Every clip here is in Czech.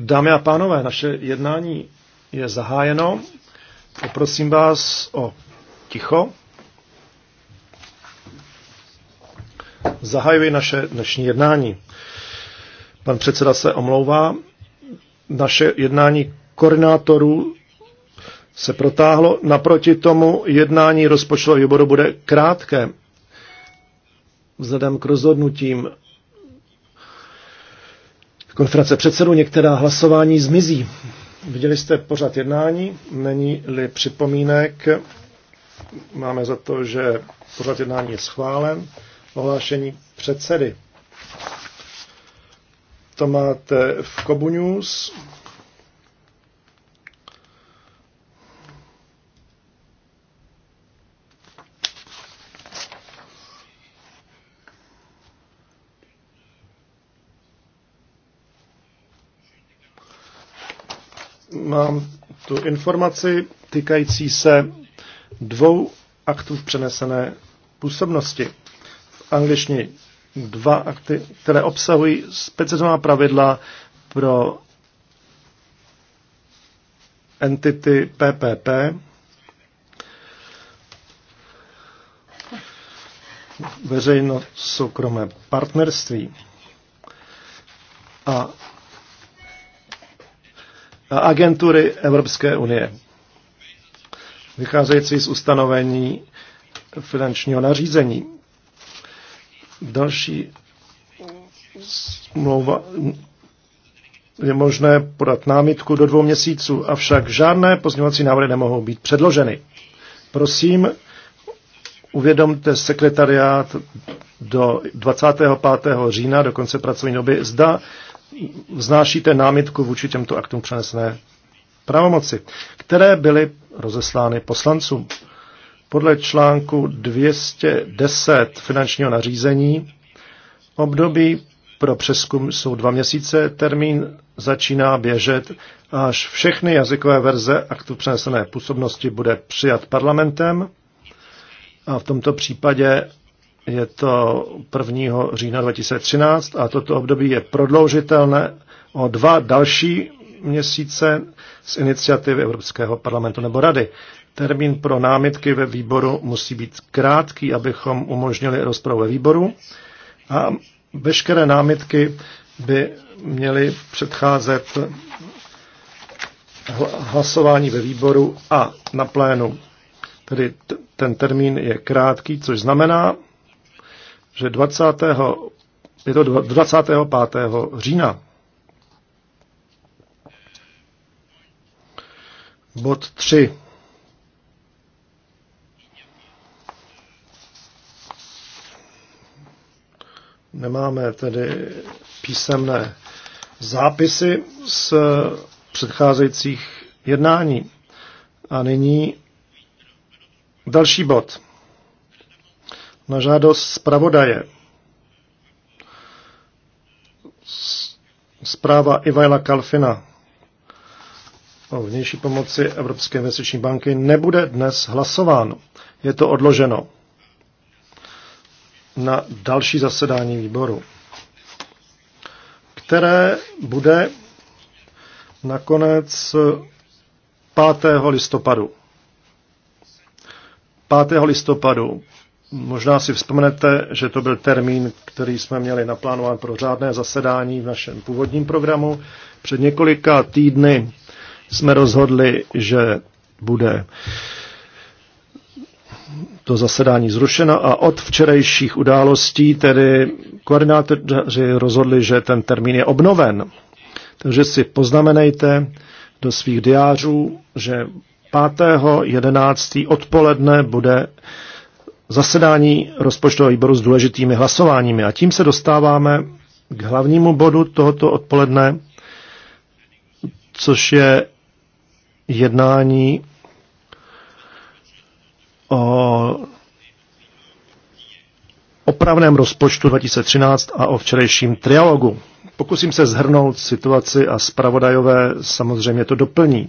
Dámy a pánové, naše jednání je zahájeno. Poprosím vás o ticho. Zahajuji naše dnešní jednání. Pan předseda se omlouvá. Naše jednání koordinátorů se protáhlo. Naproti tomu jednání rozpočtového výboru bude krátké vzhledem k rozhodnutím konference předsedů některá hlasování zmizí. Viděli jste pořád jednání, není-li připomínek, máme za to, že pořád jednání je schválen, ohlášení předsedy. To máte v Kobu News. mám tu informaci týkající se dvou aktů v přenesené působnosti. V angličtině dva akty, které obsahují specifická pravidla pro entity PPP. Veřejno-soukromé partnerství. A a agentury Evropské unie, vycházející z ustanovení finančního nařízení. Další smlouva je možné podat námitku do dvou měsíců, avšak žádné pozměňovací návrhy nemohou být předloženy. Prosím, uvědomte sekretariát do 25. října, do konce pracovní doby, zda vznášíte námitku vůči těmto aktům přenesené pravomoci, které byly rozeslány poslancům. Podle článku 210 finančního nařízení období pro přeskum jsou dva měsíce, termín začíná běžet, až všechny jazykové verze aktu přenesené působnosti bude přijat parlamentem a v tomto případě je to 1. října 2013 a toto období je prodloužitelné o dva další měsíce z iniciativy Evropského parlamentu nebo Rady. Termín pro námitky ve výboru musí být krátký, abychom umožnili rozpravu ve výboru a veškeré námitky by měly předcházet hlasování ve výboru a na plénu. Tedy ten termín je krátký, což znamená, že 20. je to 25. října. Bod 3. Nemáme tedy písemné zápisy z předcházejících jednání. A nyní další bod na žádost zpravodaje. Zpráva Ivajla Kalfina o vnější pomoci Evropské investiční banky nebude dnes hlasováno. Je to odloženo na další zasedání výboru, které bude nakonec 5. listopadu. 5. listopadu Možná si vzpomenete, že to byl termín, který jsme měli naplánován pro řádné zasedání v našem původním programu. Před několika týdny jsme rozhodli, že bude to zasedání zrušeno a od včerejších událostí tedy koordinátoři rozhodli, že ten termín je obnoven. Takže si poznamenejte do svých diářů, že 5.11. odpoledne bude zasedání rozpočtového výboru s důležitými hlasováními. A tím se dostáváme k hlavnímu bodu tohoto odpoledne, což je jednání o opravném rozpočtu 2013 a o včerejším trialogu. Pokusím se zhrnout situaci a zpravodajové samozřejmě to doplní.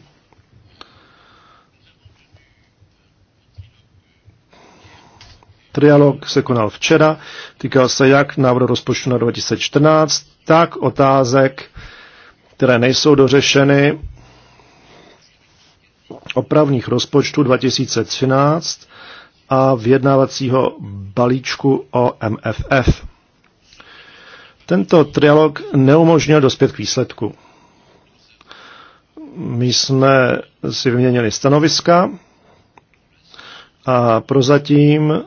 Trialog se konal včera, týkal se jak návrhu rozpočtu na 2014, tak otázek, které nejsou dořešeny, opravných rozpočtů 2013 a vyjednávacího balíčku o MFF. Tento trialog neumožnil dospět k výsledku. My jsme si vyměnili stanoviska a prozatím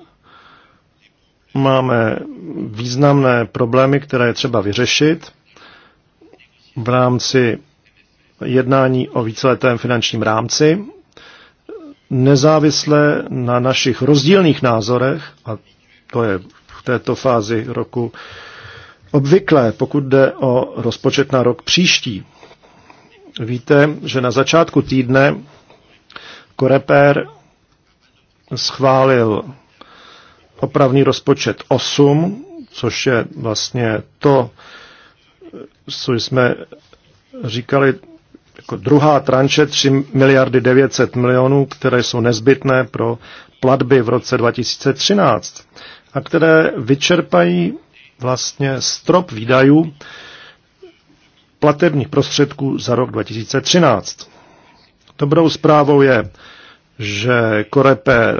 Máme významné problémy, které je třeba vyřešit v rámci jednání o víceletém finančním rámci, nezávisle na našich rozdílných názorech, a to je v této fázi roku obvyklé, pokud jde o rozpočet na rok příští. Víte, že na začátku týdne Korepér schválil opravný rozpočet 8, což je vlastně to, co jsme říkali jako druhá tranše 3 miliardy 900 milionů, které jsou nezbytné pro platby v roce 2013 a které vyčerpají vlastně strop výdajů platebních prostředků za rok 2013. Dobrou zprávou je, že Korepe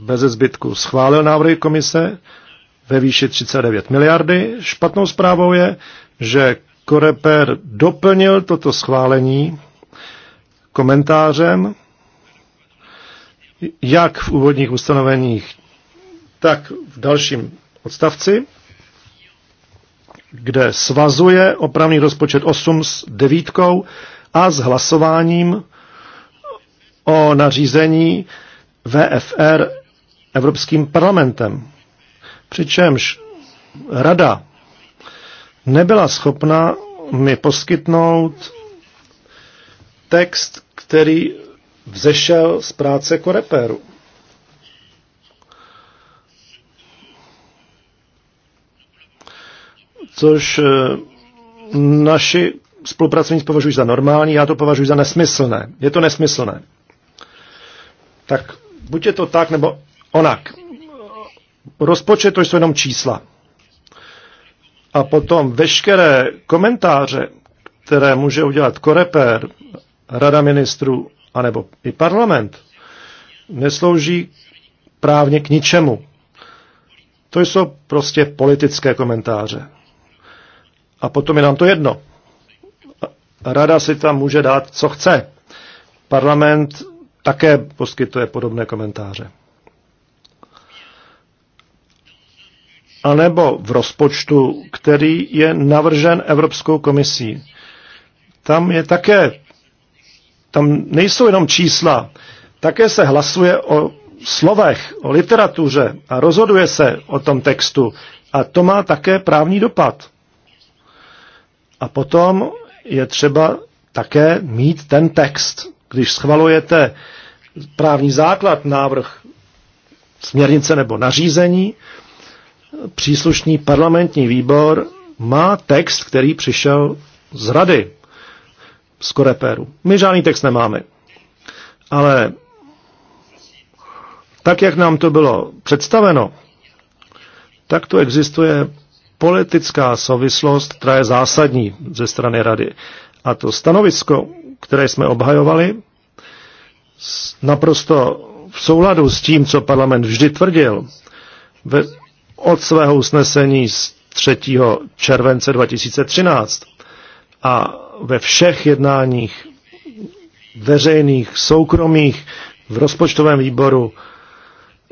bez zbytku schválil návrhy komise ve výši 39 miliardy. Špatnou zprávou je, že Koreper doplnil toto schválení komentářem, jak v úvodních ustanoveních, tak v dalším odstavci, kde svazuje opravný rozpočet 8 s devítkou a s hlasováním o nařízení VFR Evropským parlamentem. Přičemž rada nebyla schopna mi poskytnout text, který vzešel z práce Koreperu. Což eh, naši spolupracovníci považují za normální, já to považuji za nesmyslné. Je to nesmyslné. Tak buď je to tak, nebo Onak, rozpočet to jsou jenom čísla. A potom veškeré komentáře, které může udělat korepér, Rada ministrů, anebo i parlament, neslouží právně k ničemu. To jsou prostě politické komentáře. A potom je nám to jedno. Rada si tam může dát, co chce. Parlament také poskytuje podobné komentáře. anebo v rozpočtu, který je navržen Evropskou komisí. Tam je také, tam nejsou jenom čísla, také se hlasuje o slovech, o literatuře a rozhoduje se o tom textu. A to má také právní dopad. A potom je třeba také mít ten text. Když schvalujete právní základ, návrh směrnice nebo nařízení, příslušný parlamentní výbor má text, který přišel z rady, z Koreperu. My žádný text nemáme. Ale tak, jak nám to bylo představeno, tak tu existuje politická souvislost, která je zásadní ze strany rady. A to stanovisko, které jsme obhajovali, naprosto v souladu s tím, co parlament vždy tvrdil, ve od svého usnesení z 3. července 2013 a ve všech jednáních veřejných, soukromých, v rozpočtovém výboru,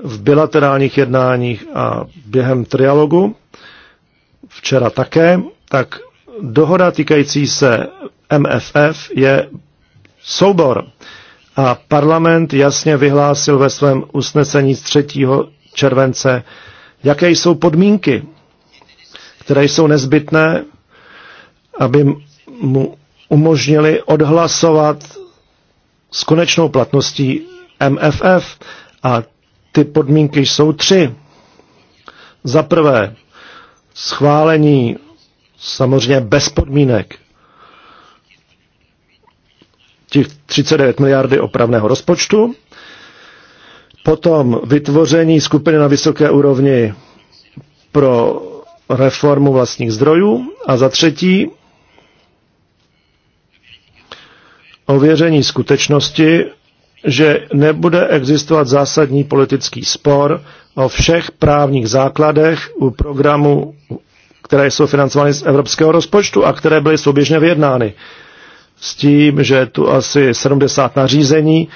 v bilaterálních jednáních a během trialogu, včera také, tak dohoda týkající se MFF je soubor. A parlament jasně vyhlásil ve svém usnesení z 3. července jaké jsou podmínky, které jsou nezbytné, aby mu umožnili odhlasovat s konečnou platností MFF. A ty podmínky jsou tři. Za prvé, schválení samozřejmě bez podmínek těch 39 miliardy opravného rozpočtu. Potom vytvoření skupiny na vysoké úrovni pro reformu vlastních zdrojů a za třetí ověření skutečnosti, že nebude existovat zásadní politický spor o všech právních základech u programu, které jsou financovány z evropského rozpočtu a které byly souběžně vyjednány. S tím, že tu asi 70 nařízení,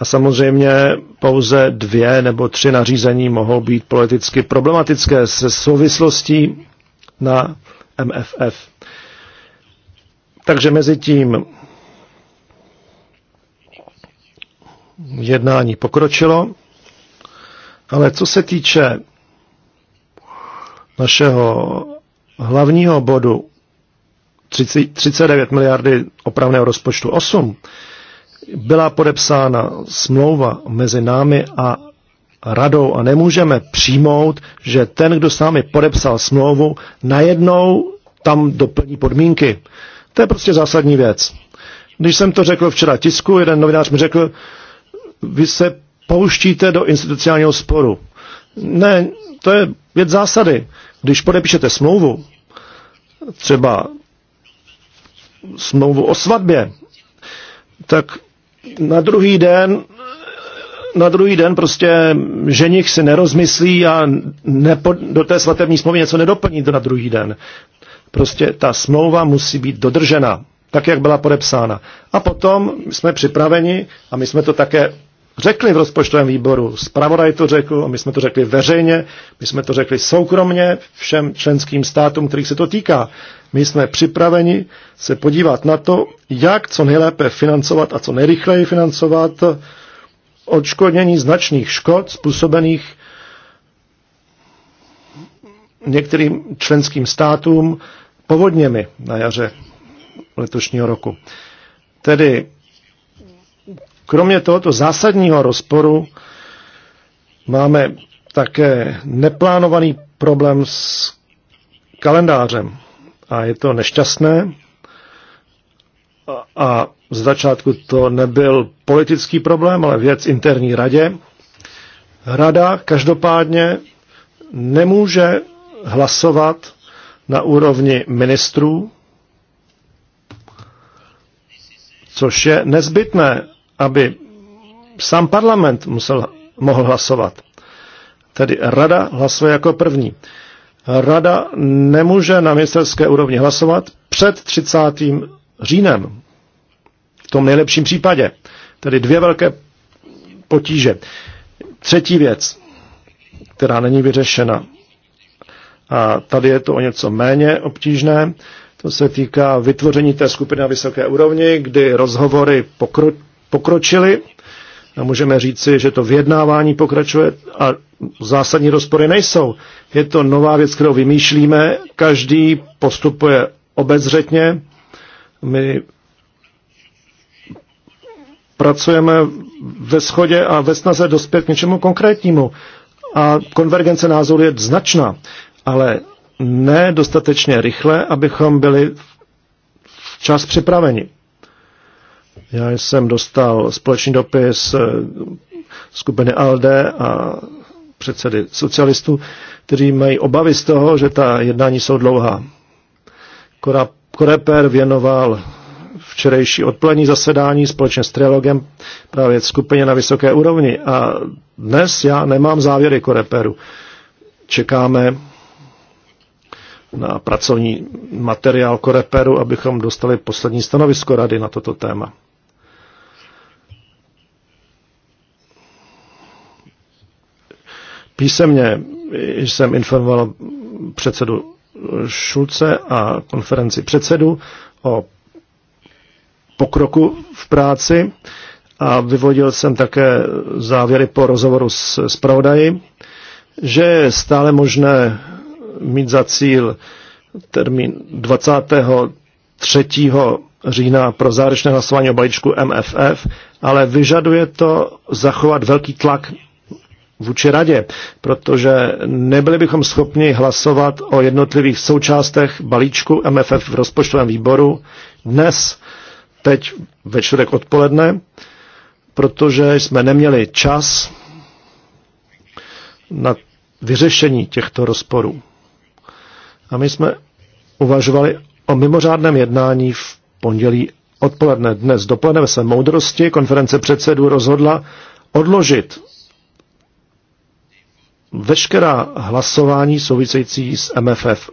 a samozřejmě pouze dvě nebo tři nařízení mohou být politicky problematické se souvislostí na MFF. Takže mezi tím jednání pokročilo, ale co se týče našeho hlavního bodu 30, 39 miliardy opravného rozpočtu 8, byla podepsána smlouva mezi námi a radou a nemůžeme přijmout, že ten, kdo s námi podepsal smlouvu, najednou tam doplní podmínky. To je prostě zásadní věc. Když jsem to řekl včera tisku, jeden novinář mi řekl, vy se pouštíte do institucionálního sporu. Ne, to je věc zásady. Když podepíšete smlouvu, třeba smlouvu o svatbě, tak na druhý den na druhý den prostě ženich si nerozmyslí a nepo, do té svatební smlouvy něco nedoplní na druhý den. Prostě ta smlouva musí být dodržena, tak jak byla podepsána. A potom jsme připraveni, a my jsme to také řekli v rozpočtovém výboru. zpravodaj to řekl, my jsme to řekli veřejně, my jsme to řekli soukromně všem členským státům, kterých se to týká. My jsme připraveni se podívat na to, jak co nejlépe financovat a co nejrychleji financovat odškodnění značných škod způsobených některým členským státům povodněmi na jaře letošního roku. Tedy Kromě tohoto zásadního rozporu máme také neplánovaný problém s kalendářem. A je to nešťastné. A z začátku to nebyl politický problém, ale věc interní radě. Rada každopádně nemůže hlasovat na úrovni ministrů, což je nezbytné aby sám parlament musel, mohl hlasovat. Tedy rada hlasuje jako první. Rada nemůže na ministerské úrovni hlasovat před 30. říjnem. V tom nejlepším případě. Tedy dvě velké potíže. Třetí věc, která není vyřešena. A tady je to o něco méně obtížné. To se týká vytvoření té skupiny na vysoké úrovni, kdy rozhovory pokro- pokročili a můžeme říci, že to vyjednávání pokračuje a zásadní rozpory nejsou. Je to nová věc, kterou vymýšlíme, každý postupuje obezřetně, my pracujeme ve schodě a ve snaze dospět k něčemu konkrétnímu. A konvergence názorů je značná, ale ne dostatečně rychle, abychom byli včas připraveni. Já jsem dostal společný dopis eh, skupiny ALDE a předsedy socialistů, kteří mají obavy z toho, že ta jednání jsou dlouhá. Koreper věnoval včerejší odpolední zasedání společně s trilogem právě skupině na vysoké úrovni a dnes já nemám závěry Koreperu. Čekáme na pracovní materiál Koreperu, abychom dostali poslední stanovisko rady na toto téma. Písemně jsem informoval předsedu Šulce a konferenci předsedu o pokroku v práci a vyvodil jsem také závěry po rozhovoru s zpravodaji, že je stále možné mít za cíl termín 23. října pro závěrečné hlasování o balíčku MFF, ale vyžaduje to zachovat velký tlak vůči radě, protože nebyli bychom schopni hlasovat o jednotlivých součástech balíčku MFF v rozpočtovém výboru dnes, teď ve čtvrtek odpoledne, protože jsme neměli čas na vyřešení těchto rozporů. A my jsme uvažovali o mimořádném jednání v pondělí odpoledne. Dnes dopoledne ve své moudrosti konference předsedů rozhodla odložit veškerá hlasování související s MFF,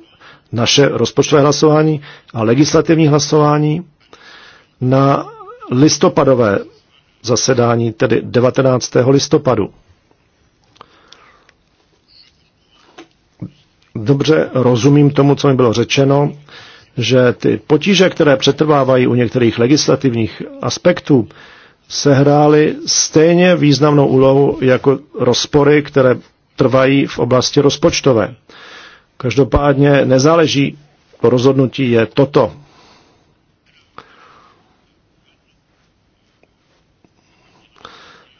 naše rozpočtové hlasování a legislativní hlasování na listopadové zasedání, tedy 19. listopadu. Dobře rozumím tomu, co mi bylo řečeno, že ty potíže, které přetrvávají u některých legislativních aspektů, sehrály stejně významnou úlohu jako rozpory, které trvají v oblasti rozpočtové. Každopádně nezáleží, to rozhodnutí je toto.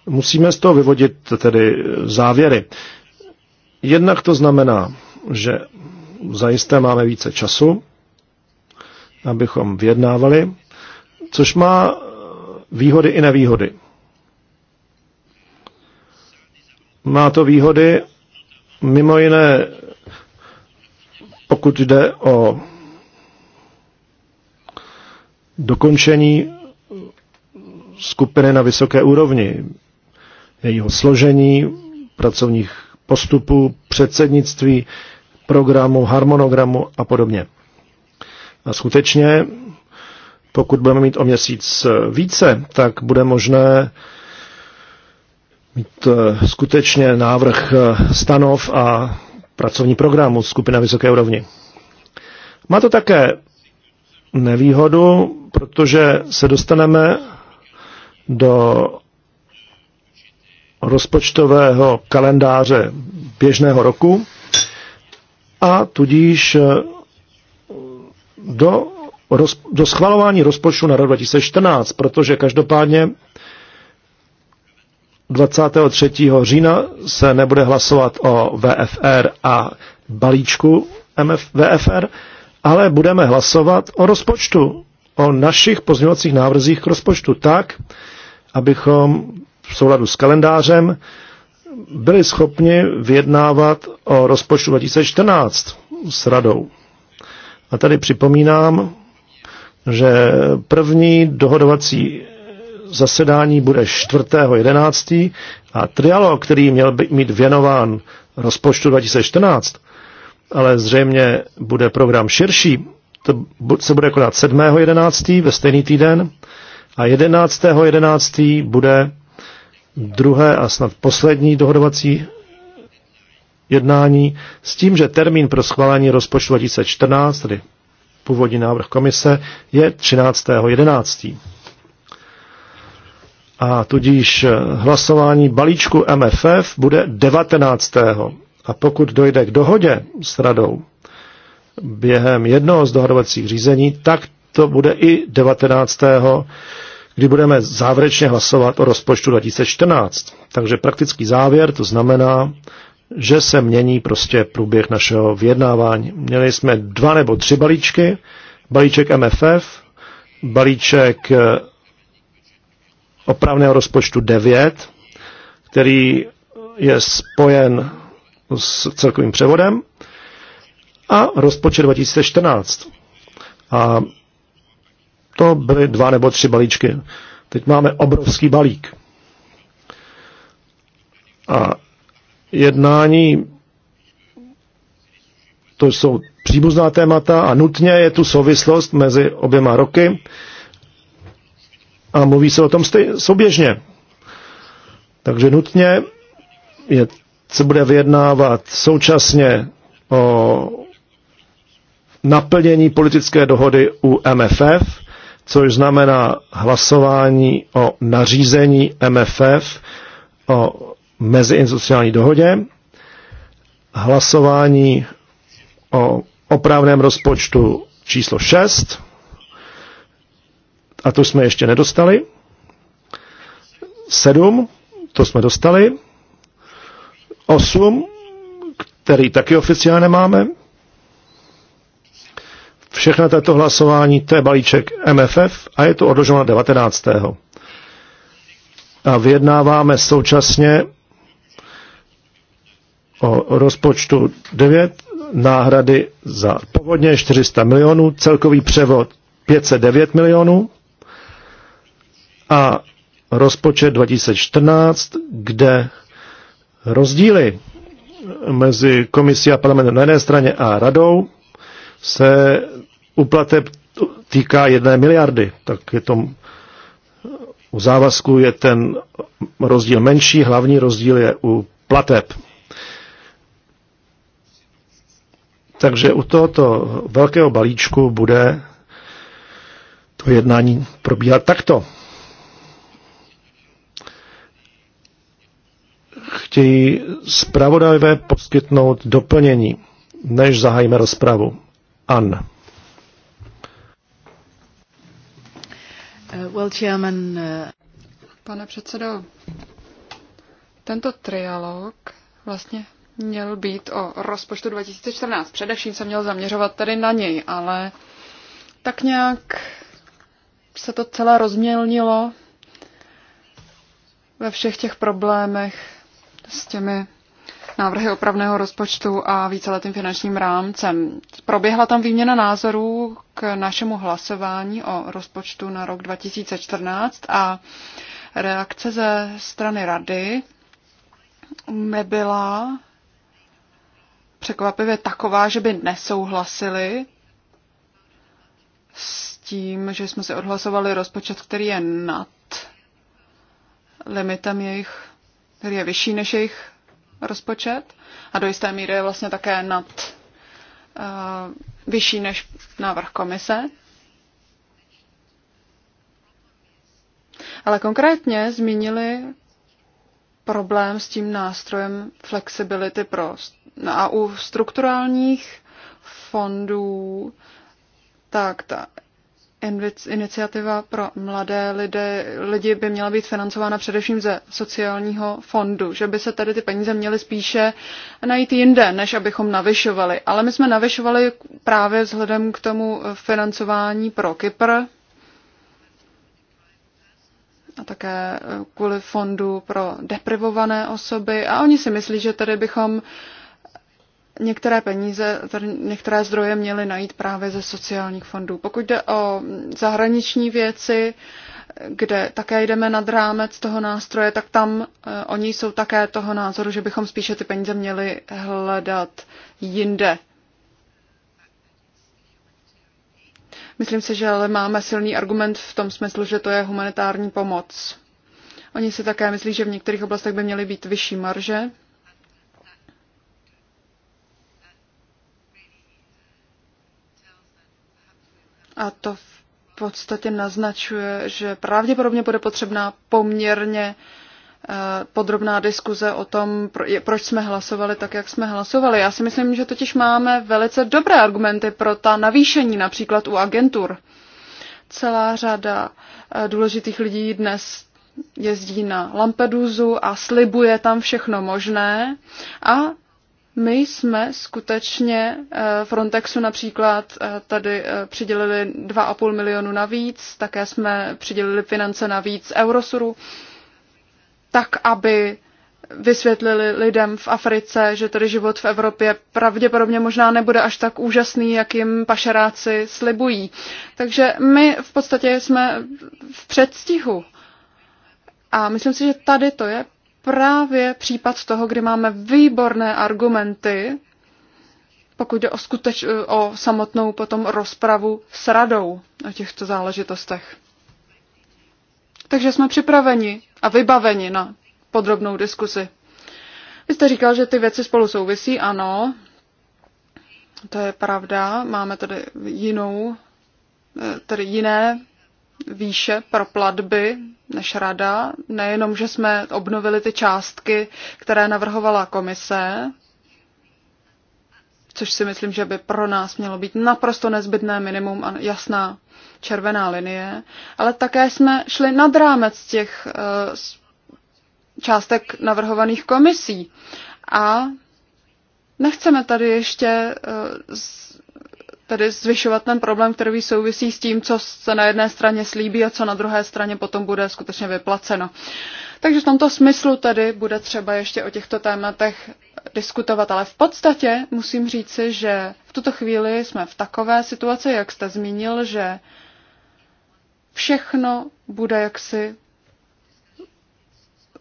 Musíme z toho vyvodit tedy závěry. Jednak to znamená, že zajisté máme více času, abychom vyjednávali, což má výhody i nevýhody. Má to výhody, mimo jiné, pokud jde o dokončení skupiny na vysoké úrovni, jejího složení, pracovních postupů, předsednictví, programu, harmonogramu a podobně. A skutečně, pokud budeme mít o měsíc více, tak bude možné mít eh, skutečně návrh eh, stanov a pracovní programu skupina vysoké úrovni. Má to také nevýhodu, protože se dostaneme do rozpočtového kalendáře běžného roku a tudíž eh, do, roz, do schvalování rozpočtu na rok 2014, protože každopádně 23. října se nebude hlasovat o VFR a balíčku MF, VFR, ale budeme hlasovat o rozpočtu, o našich pozměňovacích návrzích k rozpočtu tak, abychom v souladu s kalendářem byli schopni vyjednávat o rozpočtu 2014 s radou. A tady připomínám, že první dohodovací zasedání bude 4.11. a trialog, který měl být mít věnován rozpočtu 2014, ale zřejmě bude program širší, to se bude konat 7.11. ve stejný týden a 11.11. 11. bude druhé a snad poslední dohodovací jednání s tím, že termín pro schválení rozpočtu 2014, tedy původní návrh komise, je 13.11. A tudíž eh, hlasování balíčku MFF bude 19. A pokud dojde k dohodě s radou během jednoho z dohodovacích řízení, tak to bude i 19. kdy budeme závěrečně hlasovat o rozpočtu 2014. Takže praktický závěr, to znamená, že se mění prostě průběh našeho vyjednávání. Měli jsme dva nebo tři balíčky, balíček MFF, balíček eh, opravného rozpočtu 9, který je spojen s celkovým převodem, a rozpočet 2014. A to byly dva nebo tři balíčky. Teď máme obrovský balík. A jednání, to jsou příbuzná témata a nutně je tu souvislost mezi oběma roky a mluví se o tom stej- souběžně. Takže nutně je, se bude vyjednávat současně o naplnění politické dohody u MFF, což znamená hlasování o nařízení MFF, o meziinstitucionální dohodě, hlasování o opravném rozpočtu číslo 6, a to jsme ještě nedostali. Sedm, to jsme dostali. Osm, který taky oficiálně máme. Všechna tato hlasování, to je balíček MFF a je to odloženo na 19. A vyjednáváme současně o rozpočtu 9, náhrady za povodně 400 milionů, celkový převod 509 milionů a rozpočet 2014, kde rozdíly mezi komisí a parlamentem na jedné straně a radou se uplateb týká jedné miliardy, tak je to u závazku je ten rozdíl menší, hlavní rozdíl je u plateb. Takže u tohoto velkého balíčku bude to jednání probíhat takto. chtějí zpravodajové poskytnout doplnění, než zahájíme rozpravu. An. Uh, well, chairman, uh, Pane předsedo, tento trialog vlastně měl být o rozpočtu 2014. Především se měl zaměřovat tedy na něj, ale tak nějak se to celé rozmělnilo ve všech těch problémech s těmi návrhy opravného rozpočtu a víceletým finančním rámcem. Proběhla tam výměna názorů k našemu hlasování o rozpočtu na rok 2014 a reakce ze strany rady nebyla překvapivě taková, že by nesouhlasili s tím, že jsme si odhlasovali rozpočet, který je nad limitem jejich který je vyšší než jejich rozpočet a do jisté míry je vlastně také nad uh, vyšší než návrh komise. Ale konkrétně zmínili problém s tím nástrojem flexibility pro a u strukturálních fondů tak ta iniciativa pro mladé lidé, lidi by měla být financována především ze sociálního fondu, že by se tady ty peníze měly spíše najít jinde, než abychom navyšovali. Ale my jsme navyšovali právě vzhledem k tomu financování pro Kypr a také kvůli fondu pro deprivované osoby. A oni si myslí, že tady bychom uh, některé peníze, tedy některé zdroje měly najít právě ze sociálních fondů. Pokud jde o zahraniční věci, kde také jdeme nad rámec toho nástroje, tak tam eh, oni jsou také toho názoru, že bychom spíše ty peníze měli hledat jinde. Myslím si, že ale máme silný argument v tom smyslu, že to je humanitární pomoc. Oni si také myslí, že v některých oblastech by měly být vyšší marže, A to v podstatě naznačuje, že pravděpodobně bude potřebná poměrně eh, podrobná diskuze o tom, proč jsme hlasovali tak, jak jsme hlasovali. Já si myslím, že totiž máme velice dobré argumenty pro ta navýšení, například u agentur. Celá řada eh, důležitých lidí dnes jezdí na Lampedusu a slibuje tam všechno možné a my jsme skutečně eh, Frontexu například eh, tady eh, přidělili 2,5 milionu navíc, také jsme přidělili finance navíc Eurosuru, tak aby vysvětlili lidem v Africe, že tady život v Evropě pravděpodobně možná nebude až tak úžasný, jak jim pašeráci slibují. Takže my v podstatě jsme v předstihu. A myslím si, že tady to je právě případ toho, kdy máme výborné argumenty, pokud jde o, skuteč, o samotnou potom rozpravu s radou o těchto záležitostech. Takže jsme připraveni a vybaveni na podrobnou diskusi. Vy jste říkal, že ty věci spolu souvisí, ano, to je pravda, máme tady jinou, eh, tedy jiné výše pro platby než rada. Nejenom, že jsme obnovili ty částky, které navrhovala komise, což si myslím, že by pro nás mělo být naprosto nezbytné minimum a jasná červená linie, ale také jsme šli nad rámec těch eh, částek navrhovaných komisí. A nechceme tady ještě eh, tedy zvyšovat ten problém, který souvisí s tím, co se na jedné straně slíbí a co na druhé straně potom bude skutečně vyplaceno. Takže v tomto smyslu tedy bude třeba ještě o těchto tématech diskutovat, ale v podstatě musím říci, že v tuto chvíli jsme v takové situaci, jak jste zmínil, že všechno bude jaksi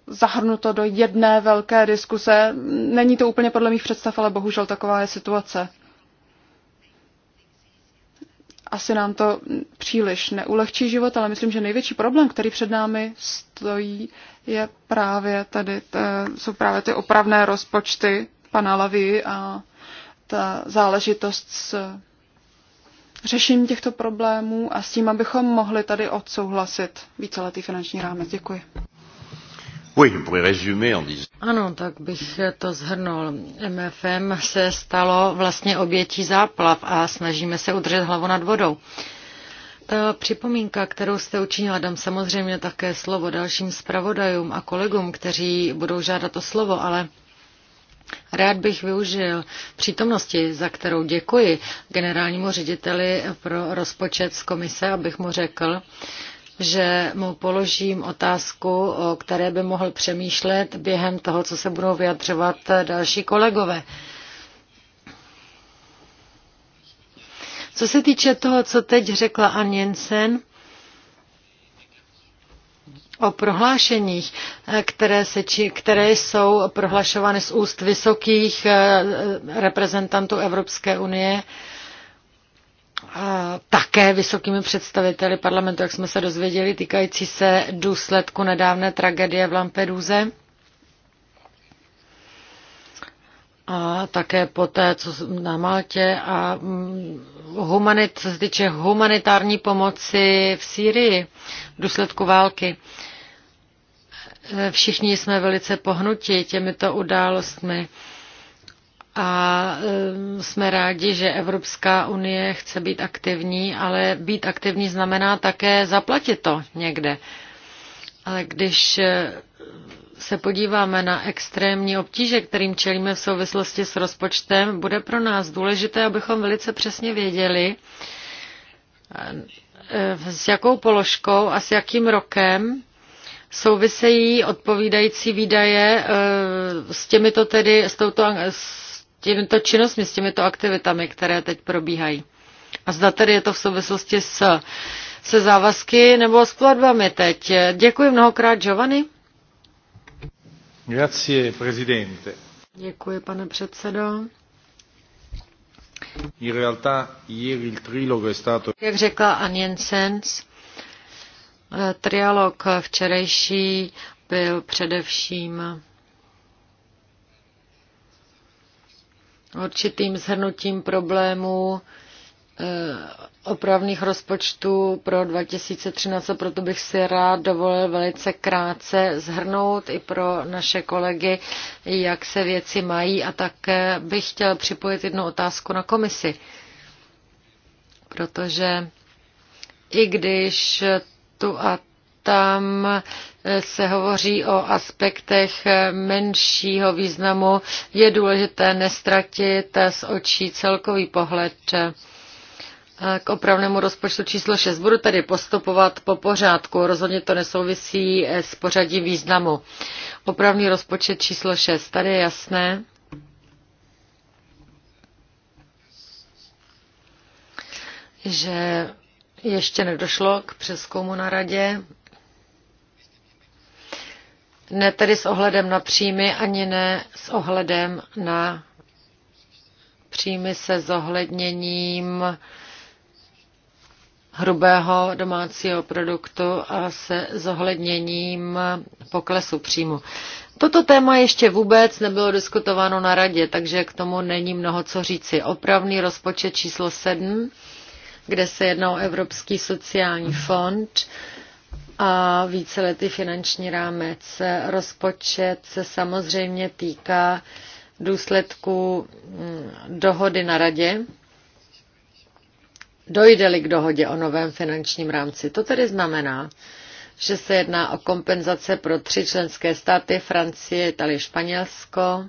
zahrnuto do jedné velké diskuse. Není to úplně podle mých představ, ale bohužel taková je situace asi nám to příliš neulehčí život, ale myslím, že největší problém, který před námi stojí, je právě tady, to, jsou právě ty opravné rozpočty pana Lavy a ta záležitost s řešením těchto problémů a s tím, abychom mohli tady odsouhlasit víceletý finanční rámec. Děkuji. Ano, tak bych to zhrnul. MFM se stalo vlastně obětí záplav a snažíme se udržet hlavu nad vodou. Ta připomínka, kterou jste učinila, dám samozřejmě také slovo dalším zpravodajům a kolegům, kteří budou žádat o slovo, ale Rád bych využil přítomnosti, za kterou děkuji generálnímu řediteli pro rozpočet z komise, abych mu řekl, že mu položím otázku, o které by mohl přemýšlet během toho, co se budou vyjadřovat další kolegové. Co se týče toho, co teď řekla Ann Jensen, o prohlášeních, které, se, či, které jsou prohlašovány z úst vysokých eh, reprezentantů Evropské unie, také vysokými představiteli parlamentu, jak jsme se dozvěděli, týkající se důsledku nedávné tragédie v Lampeduze. A také poté, co na Maltě a mm, humanit, co se týče humanitární pomoci v Sýrii v důsledku války. E, všichni jsme velice pohnuti těmito událostmi a jsme rádi, že Evropská unie chce být aktivní, ale být aktivní znamená také zaplatit to někde. Ale když eh, se podíváme na extrémní obtíže, kterým čelíme v souvislosti s rozpočtem, bude pro nás důležité, abychom velice přesně věděli, eh, s jakou položkou a s jakým rokem souvisejí odpovídající výdaje eh, s těmito tedy, s touto, s těmito činnostmi, s těmito aktivitami, které teď probíhají. A zda tedy je to v souvislosti s, se závazky nebo s platbami teď. Děkuji mnohokrát, Giovanni. Grazie, presidente. Děkuji, pane předsedo. In realtà, ieri il trilogo è stato... Jak řekla Anjen Sens, eh, trialog včerejší byl především určitým zhrnutím problémů eh, opravných rozpočtů pro 2013 a proto bych si rád dovolil velice krátce zhrnout i pro naše kolegy, jak se věci mají a také bych chtěl připojit jednu otázku na komisi. Protože i když tu a tam eh, se hovoří o aspektech eh, menšího významu. Je důležité nestratit z očí celkový pohled eh, k opravnému rozpočtu číslo 6. Budu tedy postupovat po pořádku, rozhodně to nesouvisí s pořadí významu. Opravný rozpočet číslo 6, tady je jasné. že ještě nedošlo k přeskumu na radě. Ne tedy s ohledem na příjmy, ani ne s ohledem na příjmy se zohledněním hrubého domácího produktu a se zohledněním poklesu příjmu. Toto téma ještě vůbec nebylo diskutováno na radě, takže k tomu není mnoho co říci. Opravný rozpočet číslo 7, kde se jedná o Evropský sociální fond, a víceletý finanční rámec. Rozpočet se samozřejmě týká důsledků mm, dohody na radě. Dojde-li k dohodě o novém finančním rámci. To tedy znamená, že se jedná o kompenzace pro tři členské státy, Francie, Itálie, Španělsko.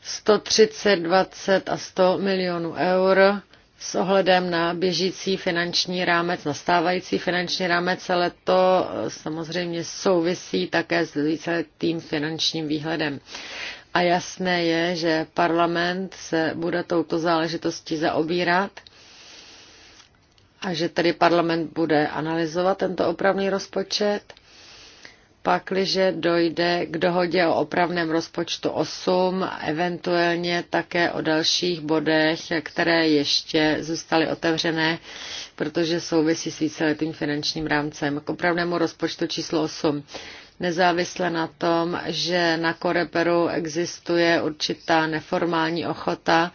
130, 20 a 100 milionů eur s ohledem na běžící finanční rámec, nastávající finanční rámec, ale to eh, samozřejmě souvisí také s víceletým finančním výhledem. A jasné je, že parlament se bude touto záležitostí zaobírat a že tedy parlament bude analyzovat tento opravný rozpočet pakliže dojde k dohodě o opravném rozpočtu 8, eventuálně také o dalších bodech, které ještě zůstaly otevřené, protože souvisí s víceletým finančním rámcem. K opravnému rozpočtu číslo 8 nezávisle na tom, že na Koreperu existuje určitá neformální ochota.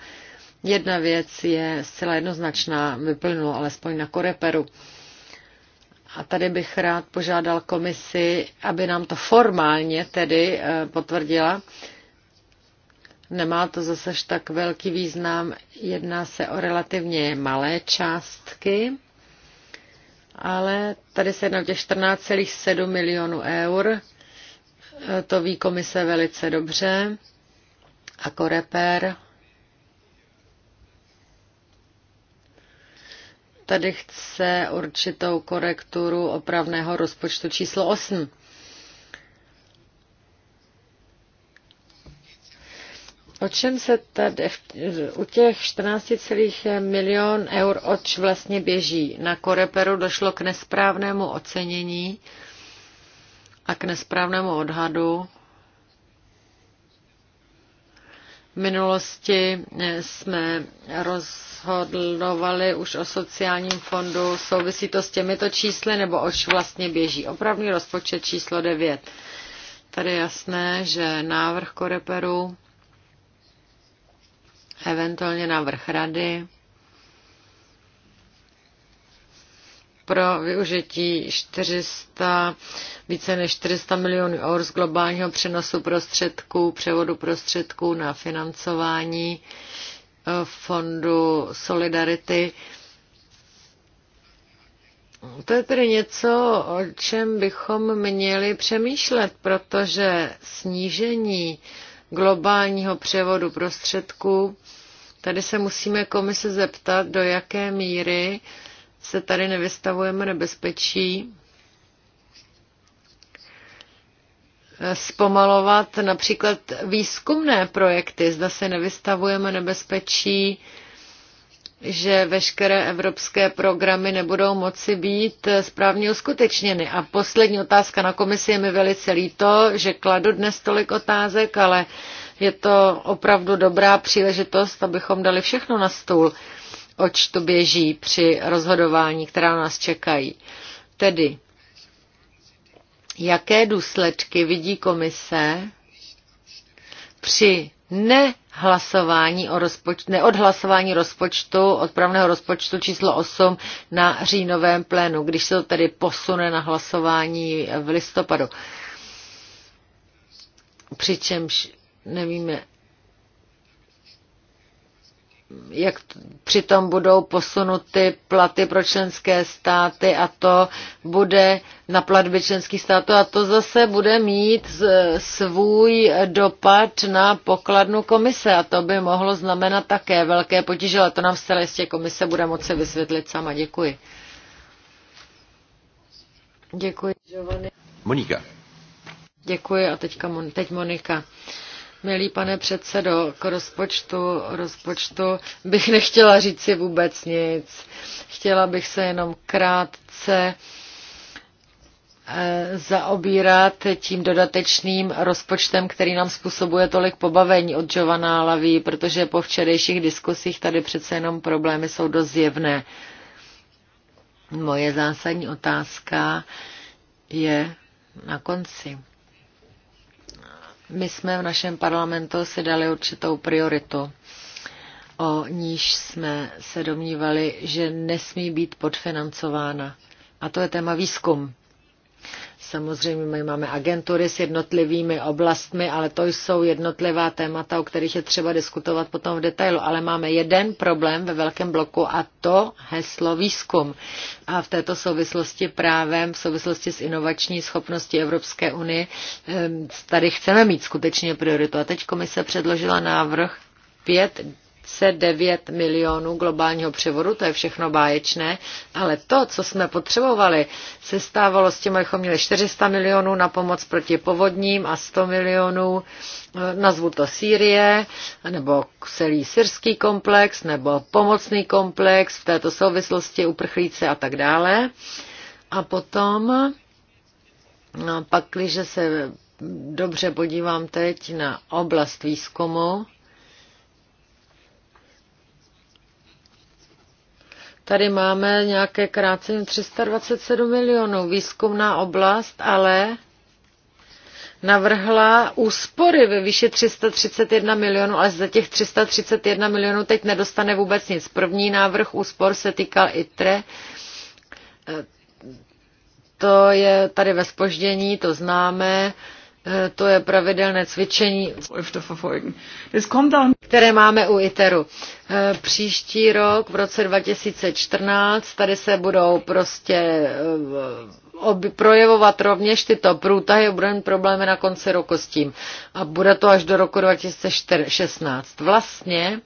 Jedna věc je zcela jednoznačná, vyplnula alespoň na Koreperu. A tady bych rád požádal komisi, aby nám to formálně tedy eh, potvrdila. Nemá to zase tak velký význam, jedná se o relativně malé částky, ale tady se jedná o těch 14,7 milionů eur. Eh, to ví komise velice dobře. A Koreper Tady chce určitou korekturu opravného rozpočtu číslo 8. O čem se tady u těch 14,1 milion eur oč vlastně běží? Na Koreperu došlo k nesprávnému ocenění a k nesprávnému odhadu minulosti eh, jsme rozhodovali už o sociálním fondu. Souvisí to s těmito čísly, nebo už vlastně běží? Opravný rozpočet číslo 9. Tady je jasné, že návrh koreperu, eventuálně návrh rady, pro využití 400, více než 400 milionů eur z globálního přenosu prostředků, převodu prostředků na financování eh, fondu Solidarity. To je tedy něco, o čem bychom měli přemýšlet, protože snížení globálního převodu prostředků, tady se musíme komise zeptat, do jaké míry uh, se tady nevystavujeme nebezpečí zpomalovat například výzkumné projekty, zda se nevystavujeme nebezpečí že veškeré evropské programy nebudou moci být správně uskutečněny. A poslední otázka na komisi je mi velice líto, že kladu dnes tolik otázek, ale je to opravdu dobrá příležitost, abychom dali všechno na stůl oč to běží při rozhodování, která nás čekají. Tedy, jaké důsledky vidí komise při nehlasování o rozpoč- neodhlasování rozpočtu, odpravného rozpočtu číslo 8 na říjnovém plénu, když se to tedy posune na hlasování v listopadu. Přičemž nevíme, jak přitom budou posunuty platy pro členské státy a to bude na platby členských států a to zase bude mít svůj dopad na pokladnu komise a to by mohlo znamenat také velké potíže, ale to nám zcela jistě komise bude moci vysvětlit sama. Děkuji. Děkuji, Giovanni. Monika. Děkuji a teďka, teď Monika. Milý pane předsedo, k rozpočtu, rozpočtu bych nechtěla říct si vůbec nic. Chtěla bych se jenom krátce eh, zaobírat tím dodatečným rozpočtem, který nám způsobuje tolik pobavení od Jovaná Laví, protože po včerejších diskusích tady přece jenom problémy jsou dost zjevné. Moje zásadní otázka je na konci. My jsme v našem parlamentu si dali určitou prioritu, o níž jsme se domnívali, že nesmí být podfinancována. A to je téma výzkum. Samozřejmě my máme agentury s jednotlivými oblastmi, ale to jsou jednotlivá témata, o kterých je třeba diskutovat potom v detailu. Ale máme jeden problém ve velkém bloku a to heslo výzkum. A v této souvislosti právě v souvislosti s inovační schopností Evropské unie eh, tady chceme mít skutečně prioritu. A teď komise předložila návrh pět 29 milionů globálního převodu, to je všechno báječné, ale to, co jsme potřebovali, se stávalo s tím, abychom měli 400 milionů na pomoc proti povodním a 100 milionů, eh, nazvu to Sýrie, nebo celý syrský komplex, nebo pomocný komplex, v této souvislosti uprchlíci a tak dále. A potom, eh, pak, když se dobře podívám teď na oblast výzkumu, Tady máme nějaké krácení 327 milionů. Výzkumná oblast, ale navrhla úspory ve výši 331 milionů, ale za těch 331 milionů teď nedostane vůbec nic. První návrh úspor se týkal ITRE. E, to je tady ve spoždění, to známe. Eh, to je pravidelné cvičení, které máme u ITERu. Eh, příští rok, v roce 2014, tady se budou prostě eh, projevovat rovněž tyto průtahy a budeme problémy na konci roku s tím. A bude to až do roku 2016. Vlastně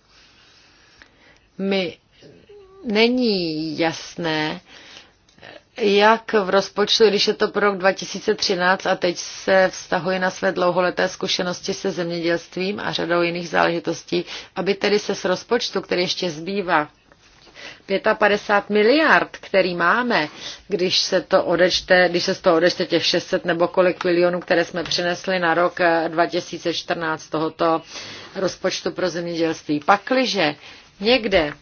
mi není jasné, jak v rozpočtu, když je to pro rok 2013 a teď se vztahuje na své dlouholeté zkušenosti se zemědělstvím a řadou jiných záležitostí, aby tedy se z rozpočtu, který ještě zbývá 55 miliard, který máme, když se, to odečte, když se z toho odečte těch 600 nebo kolik milionů, které jsme přinesli na rok 2014 tohoto rozpočtu pro zemědělství. Pakliže někde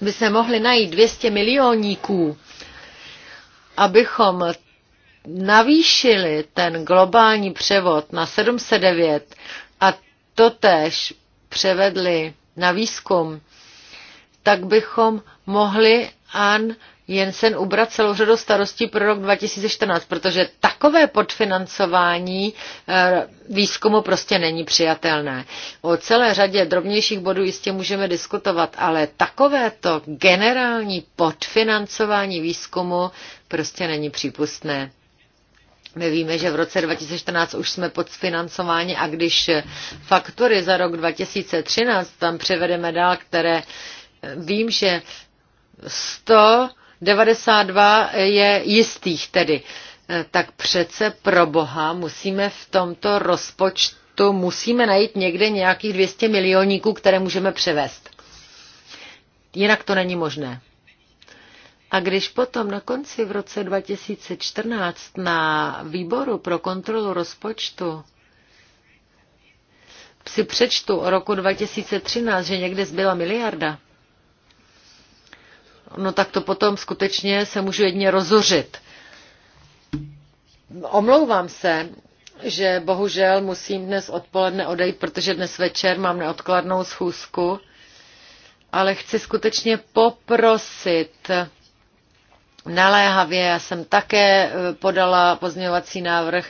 by se mohli najít 200 milioníků, abychom navýšili ten globální převod na 709 a totéž převedli na výzkum, tak bychom mohli an Jensen ubrat celou řadu starostí pro rok 2014, protože takové podfinancování eh, výzkumu prostě není přijatelné. O celé řadě drobnějších bodů jistě můžeme diskutovat, ale takovéto generální podfinancování výzkumu prostě není přípustné. My víme, že v roce 2014 už jsme podfinancováni a když faktury za rok 2013 tam převedeme dál, které eh, vím, že 100 92 je jistých tedy. Eh, tak přece pro boha musíme v tomto rozpočtu, musíme najít někde nějakých 200 milioníků, které můžeme převést. Jinak to není možné. A když potom na konci v roce 2014 na výboru pro kontrolu rozpočtu si přečtu o roku 2013, že někde zbyla miliarda, no tak to potom skutečně se můžu jedně rozořit. Omlouvám se, že bohužel musím dnes odpoledne odejít, protože dnes večer mám neodkladnou schůzku, ale chci skutečně poprosit naléhavě, já jsem také eh, podala pozměňovací návrh,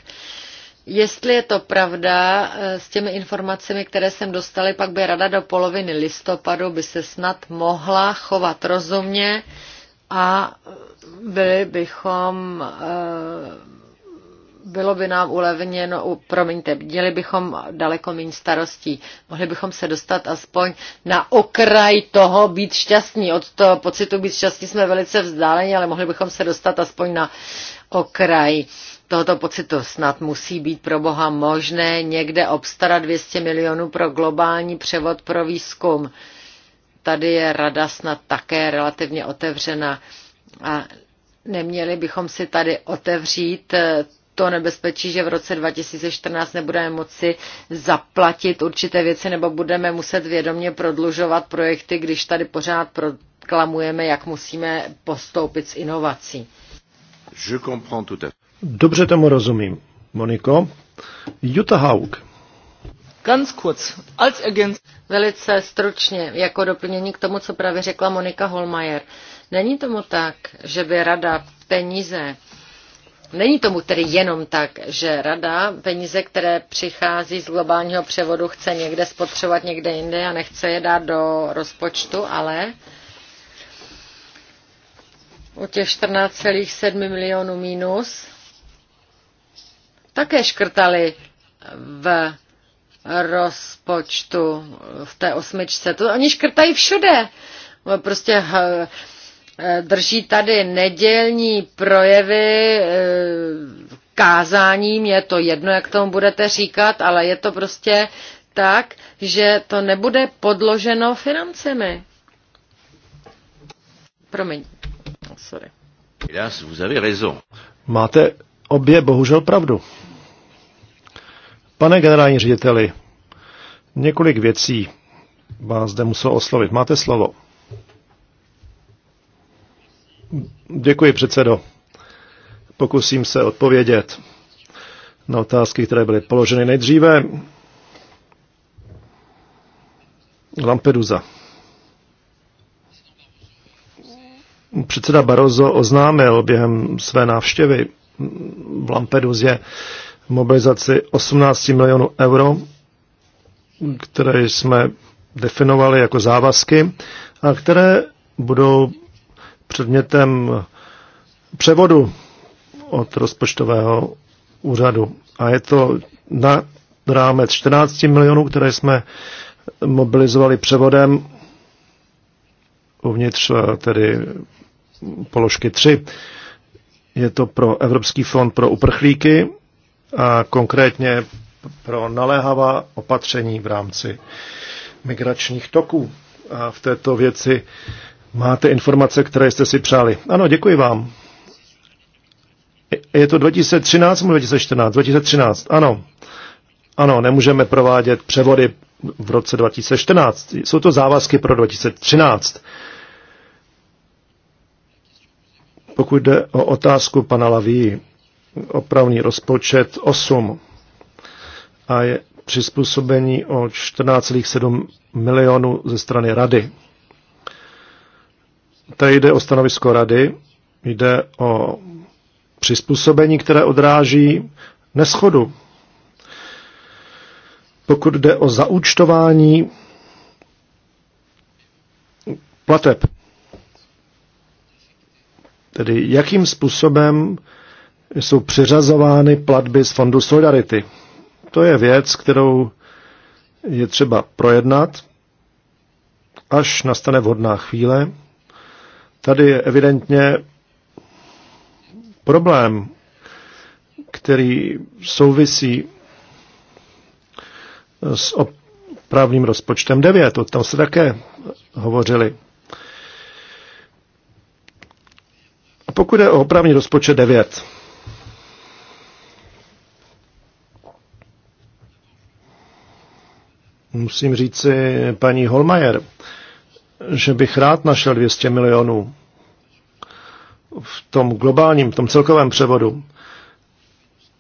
Jestli je to pravda, eh, s těmi informacemi, které jsem dostali, pak by rada do poloviny listopadu by se snad mohla chovat rozumně a byli bychom, eh, bylo by nám ulevněno, promiňte, měli bychom daleko méně starostí. Mohli bychom se dostat aspoň na okraj toho být šťastní. Od toho pocitu být šťastní jsme velice vzdáleni, ale mohli bychom se dostat aspoň na okraj tohoto pocitu. Snad musí být pro boha možné někde obstarat 200 milionů pro globální převod pro výzkum. Tady je rada snad také relativně otevřena a neměli bychom si tady otevřít eh, to nebezpečí, že v roce 2014 nebudeme moci zaplatit určité věci nebo budeme muset vědomě prodlužovat projekty, když tady pořád proklamujeme, jak musíme postoupit s inovací. Je comprends tout à fait. Dobře tomu rozumím, Moniko. Jutta Haug. Ganz kurz, als ergänz... Velice stručně, jako doplnění k tomu, co právě řekla Monika Holmajer. Není tomu tak, že by rada peníze Není tomu tedy jenom tak, že rada peníze, které přichází z globálního převodu, chce někde spotřebovat někde jinde a nechce je dát do rozpočtu, ale u těch 14,7 milionů mínus také škrtali v rozpočtu v té osmičce. To oni škrtají všude. No, prostě eh, drží tady nedělní projevy eh, kázáním, je to jedno, jak tomu budete říkat, ale je to prostě tak, že to nebude podloženo financemi. Promiň. Sorry. Máte obě bohužel pravdu. Pane generální řediteli, několik věcí vás zde muselo oslovit. Máte slovo. Děkuji, předsedo. Pokusím se odpovědět na otázky, které byly položeny nejdříve. Lampedusa. Předseda Barozo oznámil během své návštěvy v Lampeduzě mobilizaci 18 milionů euro, které jsme definovali jako závazky a které budou předmětem převodu od rozpočtového úřadu. A je to na rámec 14 milionů, které jsme mobilizovali převodem uvnitř tedy položky 3 je to pro Evropský fond pro uprchlíky a konkrétně pro naléhavá opatření v rámci migračních toků. A v této věci máte informace, které jste si přáli. Ano, děkuji vám. Je to 2013 nebo 2014? 2013, ano. Ano, nemůžeme provádět převody v roce 2014. Jsou to závazky pro 2013. Pokud jde o otázku pana Laví, opravný rozpočet 8 a je přizpůsobení o 14,7 milionů ze strany rady. Tady jde o stanovisko rady, jde o přizpůsobení, které odráží neschodu. Pokud jde o zaúčtování plateb, Tedy jakým způsobem jsou přiřazovány platby z Fondu Solidarity. To je věc, kterou je třeba projednat, až nastane vhodná chvíle. Tady je evidentně problém, který souvisí s právním rozpočtem 9. O tom se také hovořili. A pokud je o opravní rozpočet 9, musím říci paní Holmajer, že bych rád našel 200 milionů v tom globálním, v tom celkovém převodu.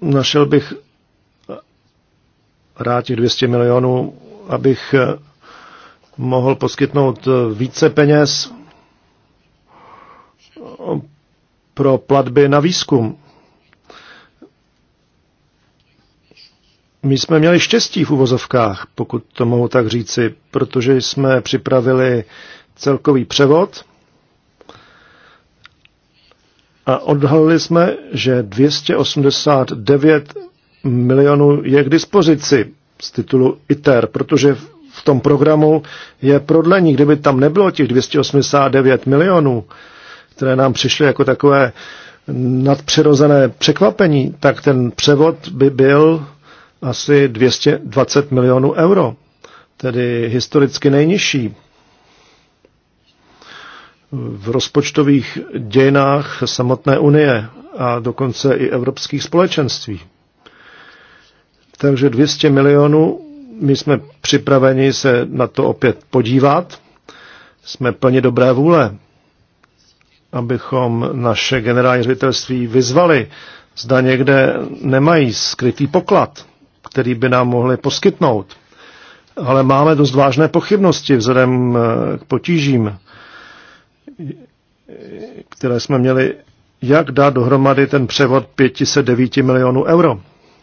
Našel bych rád těch 200 milionů, abych mohl poskytnout více peněz pro platby na výzkum. My jsme měli štěstí v uvozovkách, pokud to mohu tak říci, protože jsme připravili celkový převod a odhalili jsme, že 289 milionů je k dispozici z titulu ITER, protože v tom programu je prodlení. Kdyby tam nebylo těch 289 milionů, které nám přišly jako takové nadpřirozené překvapení, tak ten převod by byl asi 220 milionů euro, tedy historicky nejnižší. V rozpočtových dějinách samotné Unie a dokonce i evropských společenství. Takže 200 milionů, my jsme připraveni se na to opět podívat, jsme plně dobré vůle abychom naše generální ředitelství vyzvali, zda někde nemají skrytý poklad, který by nám mohli poskytnout. Ale máme dost vážné pochybnosti vzhledem eh, k potížím, které jsme měli, jak dát dohromady ten převod 509 milionů euro,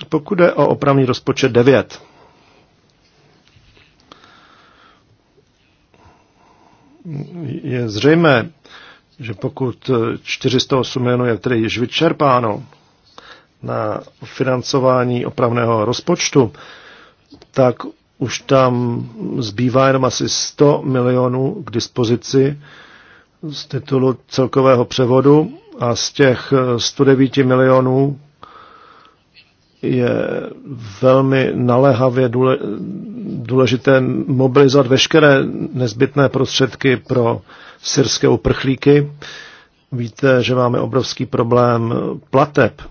pokud je o opravný rozpočet 9. Je zřejmé, že pokud 408 milionů je tedy již vyčerpáno na financování opravného rozpočtu, tak už tam zbývá jenom asi 100 milionů k dispozici z titulu celkového převodu a z těch 109 milionů je velmi naléhavě důležité mobilizovat veškeré nezbytné prostředky pro syrské uprchlíky. Víte, že máme obrovský problém plateb,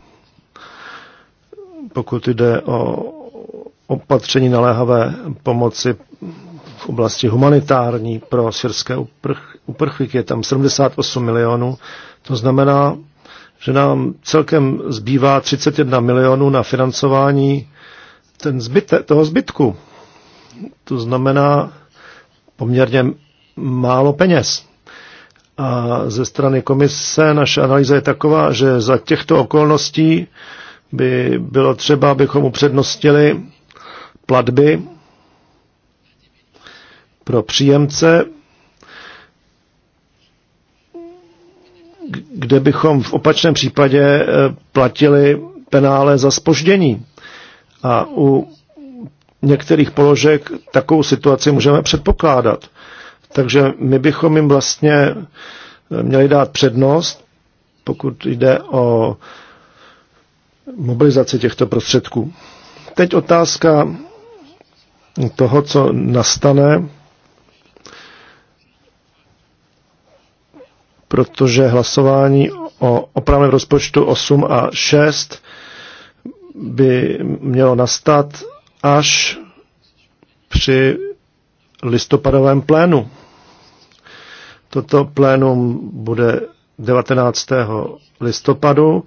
pokud jde o opatření naléhavé pomoci v oblasti humanitární pro syrské uprchlíky. Je tam 78 milionů, to znamená že nám celkem zbývá 31 milionů na financování ten zbyte, toho zbytku. To znamená poměrně málo peněz. A ze strany komise naše analýza je taková, že za těchto okolností by bylo třeba, abychom upřednostili platby pro příjemce kde bychom v opačném případě eh, platili penále za spoždění. A u některých položek takovou situaci můžeme předpokládat. Takže my bychom jim vlastně eh, měli dát přednost, pokud jde o mobilizaci těchto prostředků. Teď otázka toho, co nastane protože hlasování o opravném rozpočtu 8 a 6 by mělo nastat až při listopadovém plénu. Toto plénum bude 19. listopadu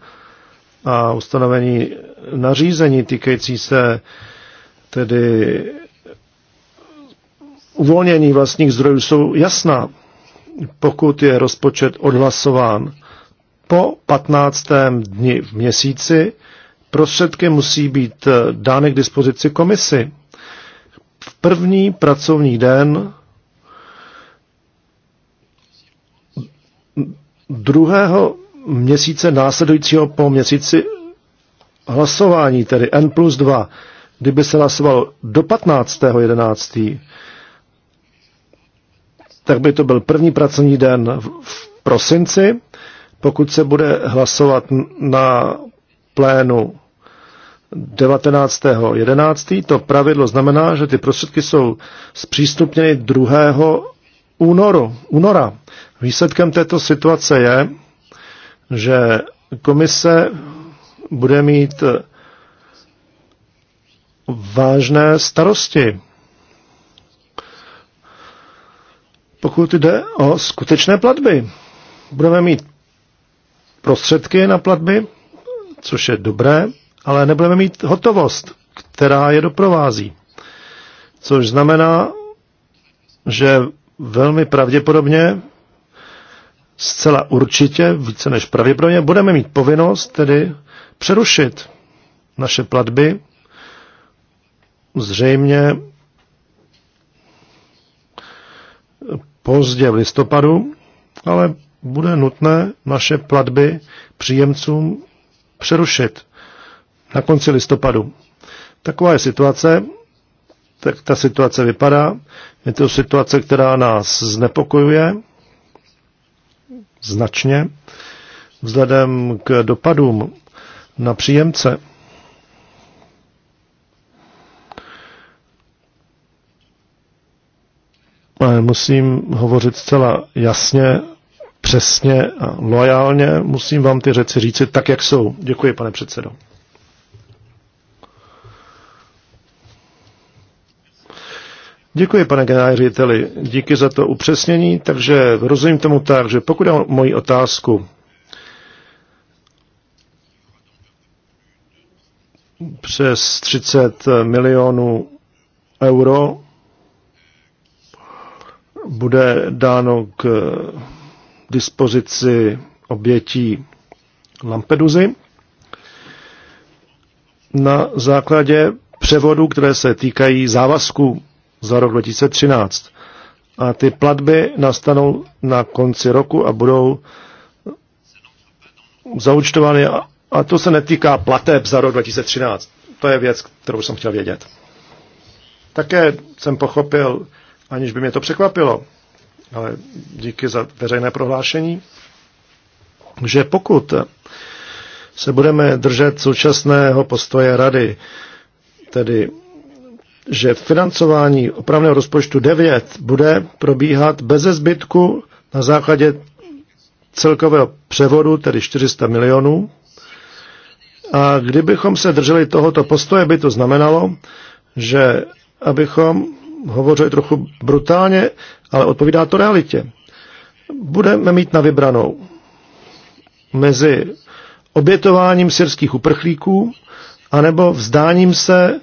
a ustanovení nařízení týkající se tedy uvolnění vlastních zdrojů jsou jasná pokud je rozpočet odhlasován po 15. dni v měsíci, prostředky musí být eh, dány k dispozici komisi. V první pracovní den druhého měsíce následujícího po měsíci hlasování, tedy N plus 2, kdyby se hlasovalo do 15. 11 tak by to byl první pracovní den v prosinci. Pokud se bude hlasovat na plénu 19.11. To pravidlo znamená, že ty prostředky jsou zpřístupněny 2. Únoru, února. Výsledkem této situace je, že komise bude mít vážné starosti pokud jde o skutečné platby. Budeme mít prostředky na platby, což je dobré, ale nebudeme mít hotovost, která je doprovází. Což znamená, že velmi pravděpodobně, zcela určitě, více než pravděpodobně, budeme mít povinnost tedy přerušit naše platby zřejmě pozdě v listopadu, ale bude nutné naše platby příjemcům přerušit na konci listopadu. Taková je situace, tak ta situace vypadá. Je to situace, která nás znepokojuje značně vzhledem k dopadům na příjemce musím hovořit zcela jasně, přesně a loajálně. Musím vám ty řeci říci tak, jak jsou. Děkuji, pane předsedo. Děkuji, pane generální řediteli. Díky za to upřesnění. Takže rozumím tomu tak, že pokud o moji otázku, přes 30 milionů euro bude dáno k dispozici obětí Lampeduzy na základě převodů, které se týkají závazků za rok 2013. A ty platby nastanou na konci roku a budou zaučtovány. A to se netýká plateb za rok 2013. To je věc, kterou jsem chtěl vědět. Také jsem pochopil, aniž by mě to překvapilo, ale díky za veřejné prohlášení, že pokud se budeme držet současného postoje rady, tedy že financování opravného rozpočtu 9 bude probíhat bez zbytku na základě celkového převodu, tedy 400 milionů. A kdybychom se drželi tohoto postoje, by to znamenalo, že abychom hovořili trochu brutálně, ale odpovídá to realitě. Budeme mít na vybranou mezi obětováním syrských uprchlíků anebo vzdáním se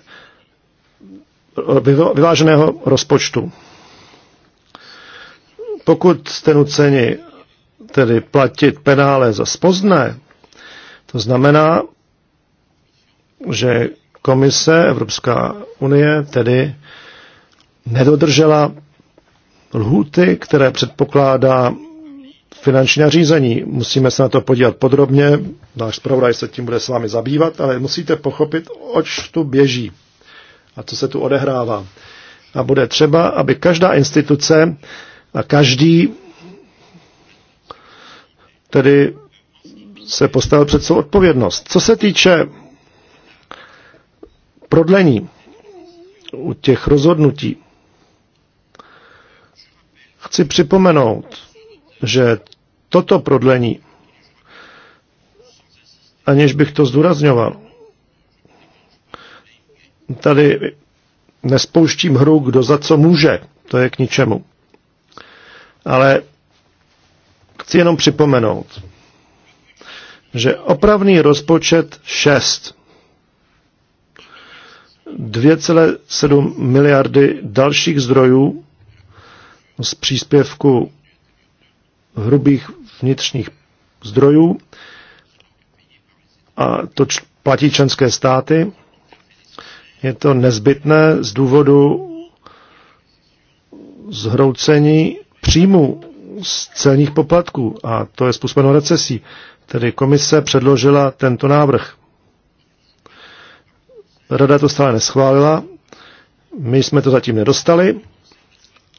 vyváženého rozpočtu. Pokud jste nuceni tedy platit penále za spozné, to znamená, že komise Evropská unie tedy nedodržela lhuty, které předpokládá finanční nařízení. Musíme se na to podívat podrobně, náš zpravodaj se tím bude s vámi zabývat, ale musíte pochopit, oč tu běží a co se tu odehrává. A bude třeba, aby každá instituce a každý tedy se postavil před svou odpovědnost. Co se týče prodlení u těch rozhodnutí, Chci připomenout, že toto prodlení, aniž bych to zdůrazňoval, tady nespouštím hru, kdo za co může, to je k ničemu. Ale chci jenom připomenout, že opravný rozpočet 6 2,7 miliardy dalších zdrojů z příspěvku hrubých vnitřních zdrojů a to platí členské státy. Je to nezbytné z důvodu zhroucení příjmu z celních poplatků a to je způsobeno recesí. Tedy komise předložila tento návrh. Rada to stále neschválila, my jsme to zatím nedostali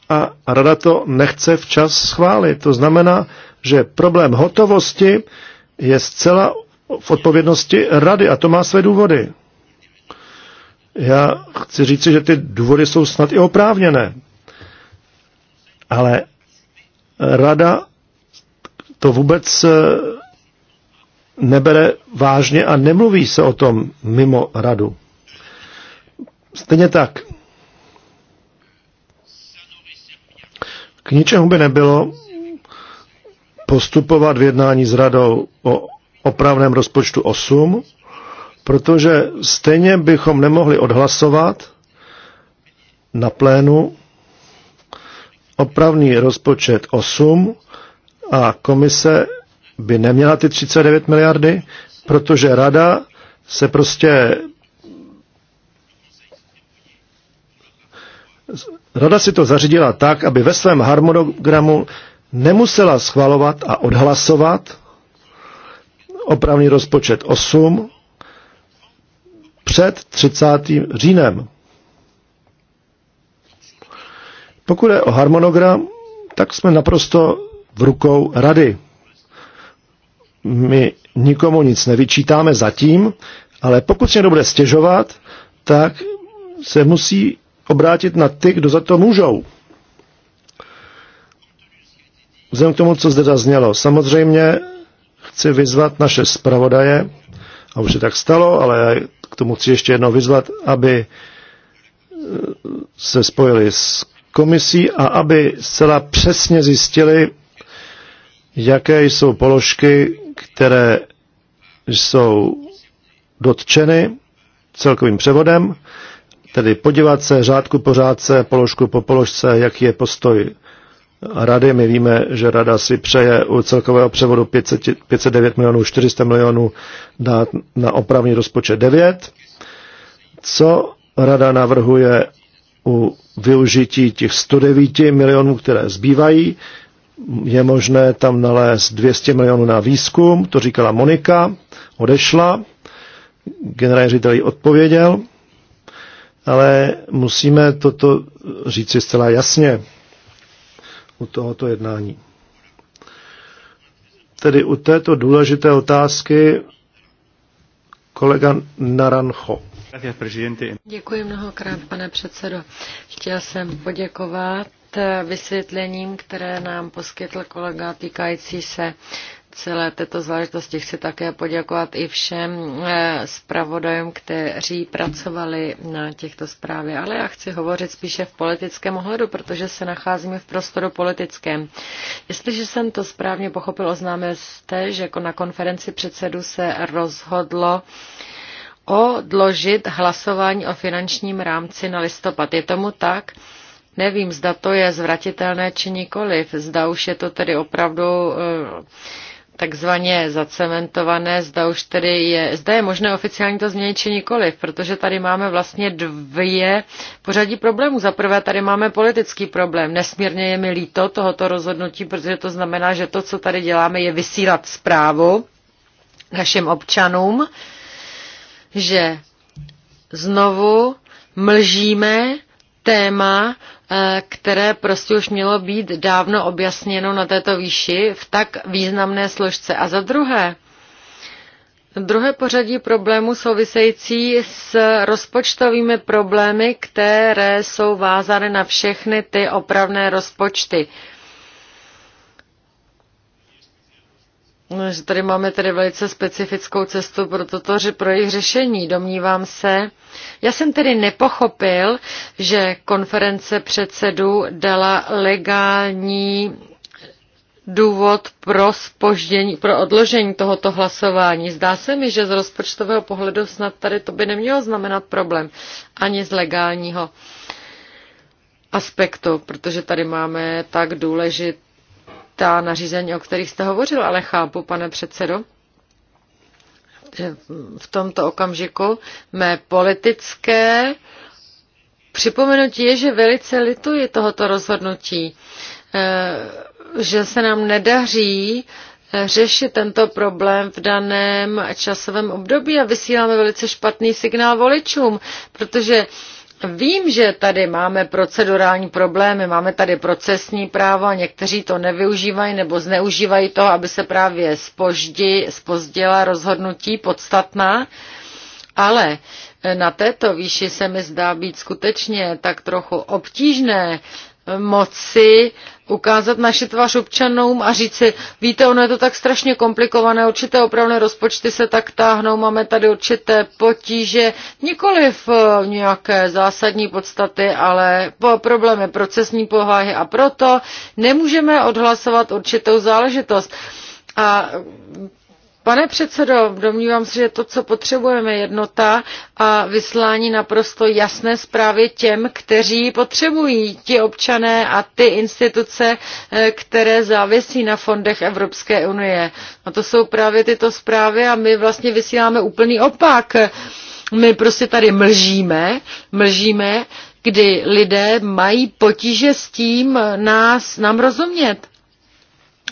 a rada to nechce včas schválit. To znamená, že problém hotovosti je zcela v odpovědnosti rady a to má své důvody. Já chci říci, že ty důvody jsou snad i oprávněné. Ale rada to vůbec eh, nebere vážně a nemluví se o tom mimo radu. Stejně tak K ničemu by nebylo postupovat v jednání s radou o opravném rozpočtu 8, protože stejně bychom nemohli odhlasovat na plénu opravný rozpočet 8 a komise by neměla ty 39 miliardy, protože rada se prostě Rada si to zařídila tak, aby ve svém harmonogramu nemusela schvalovat a odhlasovat opravný rozpočet 8 před 30. říjnem. Pokud je o harmonogram, tak jsme naprosto v rukou rady. My nikomu nic nevyčítáme zatím, ale pokud se někdo bude stěžovat, tak se musí obrátit na ty, kdo za to můžou. Vzhledem k tomu, co zde zaznělo, samozřejmě chci vyzvat naše zpravodaje, a už se tak stalo, ale já k tomu chci ještě jednou vyzvat, aby eh, se spojili s komisí a aby zcela přesně zjistili, jaké jsou položky, které jsou dotčeny celkovým převodem tedy podívat se řádku po řádce, položku po položce, jaký je postoj rady. My víme, že rada si přeje u celkového převodu 500, 509 milionů 400 milionů dát na opravní rozpočet 9. Co rada navrhuje u využití těch 109 milionů, které zbývají, je možné tam nalézt 200 milionů na výzkum, to říkala Monika, odešla, generální ředitel odpověděl, ale musíme toto říci zcela jasně u tohoto jednání. Tedy u této důležité otázky kolega Narancho. Děkuji mnohokrát, pane předsedo. Chtěl jsem poděkovat vysvětlením, které nám poskytl kolega týkající se celé této záležitosti. Chci také poděkovat i všem eh, zpravodajům, kteří pracovali na těchto zprávě. Ale já chci hovořit spíše v politickém ohledu, protože se nacházíme v prostoru politickém. Jestliže jsem to správně pochopil, oznámil jste, že jako na konferenci předsedu se rozhodlo, odložit hlasování o finančním rámci na listopad. Je tomu tak? Nevím, zda to je zvratitelné či nikoliv. Zda už je to tedy opravdu eh, takzvaně zacementované, zda už tedy je, zda je možné oficiálně to změnit či nikoliv, protože tady máme vlastně dvě pořadí problémů. Za prvé tady máme politický problém. Nesmírně je mi líto tohoto rozhodnutí, protože to znamená, že to, co tady děláme, je vysílat zprávu našim občanům, že znovu mlžíme téma, eh, které prostě už mělo být dávno objasněno na této výši v tak významné složce. A za druhé, Druhé pořadí problémů související s rozpočtovými problémy, které jsou vázány na všechny ty opravné rozpočty. že tady máme tedy velice specifickou cestu pro, toto, pro jejich řešení, domnívám se. Já jsem tedy nepochopil, že konference předsedů dala legální důvod pro spoždění, pro odložení tohoto hlasování. Zdá se mi, že z rozpočtového pohledu snad tady to by nemělo znamenat problém, ani z legálního aspektu, protože tady máme tak důležit ta nařízení, o kterých jste hovořil, ale chápu, pane předsedo, v tomto okamžiku mé politické připomenutí je, že velice lituji tohoto rozhodnutí, eh, že se nám nedaří eh, řešit tento problém v daném časovém období a vysíláme velice špatný signál voličům, protože Hm, vím, že tady máme procedurální problémy, máme tady procesní právo a někteří to nevyužívají nebo zneužívají to, aby se právě spoždi, spozdila rozhodnutí podstatná, ale eh, na této výši se mi zdá být skutečně tak trochu obtížné eh, moci ukázat naši tvář občanům a říci, víte, ono je to tak strašně komplikované, určité opravné rozpočty se tak táhnou, máme tady určité potíže, nikoli v eh, nějaké zásadní podstaty, ale po problémy procesní povahy a proto nemůžeme odhlasovat určitou záležitost. A Pane předsedo, domnívám se, že to, co potřebujeme, je jednota a vyslání naprosto jasné zprávy těm, kteří potřebují, ti občané a ty instituce, eh, které závisí na fondech Evropské unie. A to jsou právě tyto zprávy a my vlastně vysíláme úplný opak. My prostě tady mlžíme, mlžíme, kdy lidé mají potíže s tím nás, nám rozumět.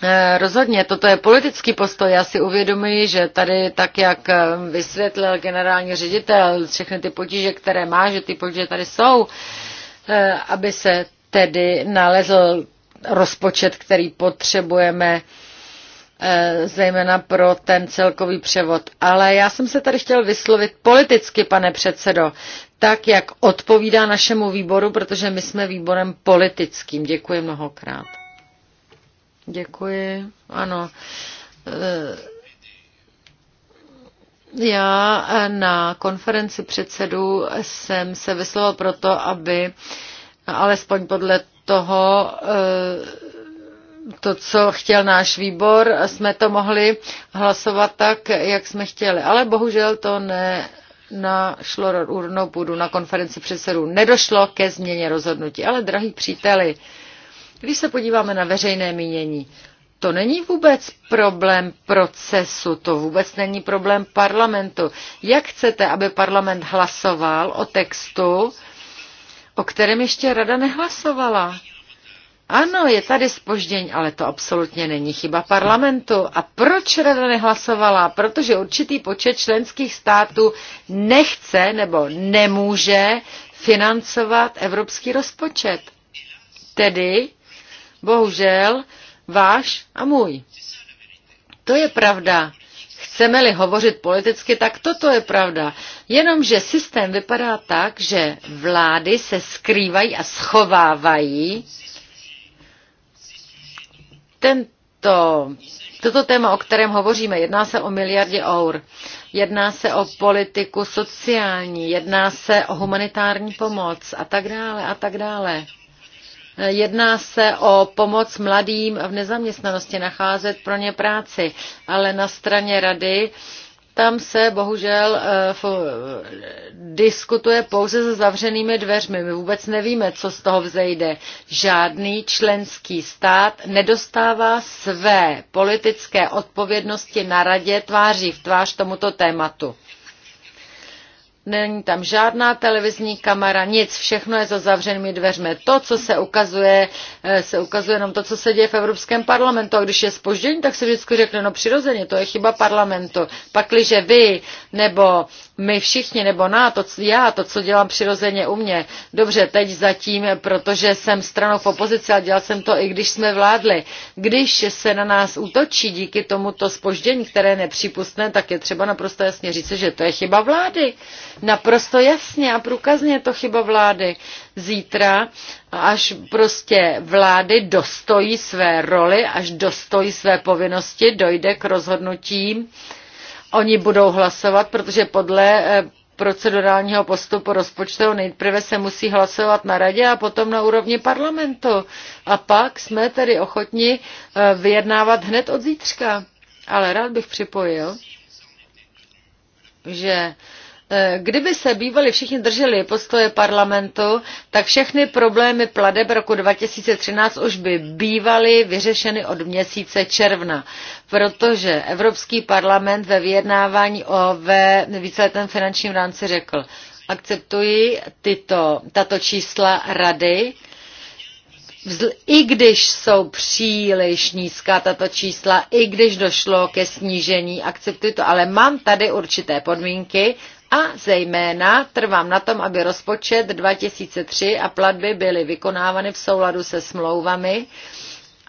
Eh, rozhodně, toto je politický postoj. Já si uvědomuji, že tady, tak jak eh, vysvětlil generální ředitel, všechny ty potíže, které má, že ty potíže tady jsou, eh, aby se tedy nalezl rozpočet, který potřebujeme zejména pro ten celkový převod. Ale já jsem se tady chtěl vyslovit politicky, pane předsedo, tak, jak odpovídá našemu výboru, protože my jsme výborem politickým. Děkuji mnohokrát. Děkuji. Ano. E, já na konferenci předsedů jsem se vyslovil proto, aby alespoň podle toho, e, to, co chtěl náš výbor, jsme to mohli hlasovat tak, jak jsme chtěli. Ale bohužel to ne našlo urnou půdu na konferenci předsedů. Nedošlo ke změně rozhodnutí. Ale, drahí příteli, když se podíváme na veřejné mínění, to není vůbec problém procesu, to vůbec není problém parlamentu. Jak chcete, aby parlament hlasoval o textu, o kterém ještě rada nehlasovala? Ano, je tady spoždění, ale to absolutně není chyba parlamentu. A proč rada nehlasovala? Protože určitý počet členských států nechce nebo nemůže financovat evropský rozpočet. Tedy Bohužel váš a můj. To je pravda. Chceme-li hovořit politicky, tak toto je pravda. Jenomže systém vypadá tak, že vlády se skrývají a schovávají. Tento, toto téma, o kterém hovoříme, jedná se o miliardě eur, jedná se o politiku sociální, jedná se o humanitární pomoc a tak dále a tak dále. Jedná se o pomoc mladým v nezaměstnanosti nacházet pro ně práci, ale na straně rady tam se bohužel eh, diskutuje pouze se zavřenými dveřmi. My vůbec nevíme, co z toho vzejde. Žádný členský stát nedostává své politické odpovědnosti na radě tváří v tvář tomuto tématu. Není tam žádná televizní kamera, nic, všechno je za zavřenými dveřmi. To, co se ukazuje, eh, se ukazuje jenom to, co se děje v Evropském parlamentu. A když je spoždění, tak se vždycky řekne, no přirozeně, to je chyba parlamentu. Pakliže vy, nebo my všichni, nebo ná, to, já, to, co dělám přirozeně u mě, dobře, teď zatím, protože jsem stranou v opozici a dělal jsem to i když jsme vládli. Když se na nás útočí díky tomuto spoždění, které je nepřípustné, tak je třeba naprosto jasně říct, že to je chyba vlády naprosto jasně a průkazně to chyba vlády. Zítra, až prostě vlády dostojí své roli, až dostojí své povinnosti, dojde k rozhodnutím, oni budou hlasovat, protože podle eh, procedurálního postupu rozpočtu nejprve se musí hlasovat na radě a potom na úrovni parlamentu. A pak jsme tedy ochotni eh, vyjednávat hned od zítřka. Ale rád bych připojil, že Eh, kdyby se bývali všichni drželi postoje parlamentu, tak všechny problémy pladeb roku 2013 už by bývaly vyřešeny od měsíce června, protože Evropský parlament ve vyjednávání o ve víceletém finančním rámci řekl, akceptuji tyto, tato čísla rady, i když jsou příliš nízká tato čísla, i když došlo ke snížení, akceptuji to, ale mám tady určité podmínky, a zejména trvám na tom, aby rozpočet 2003 a platby byly vykonávány v souladu se smlouvami,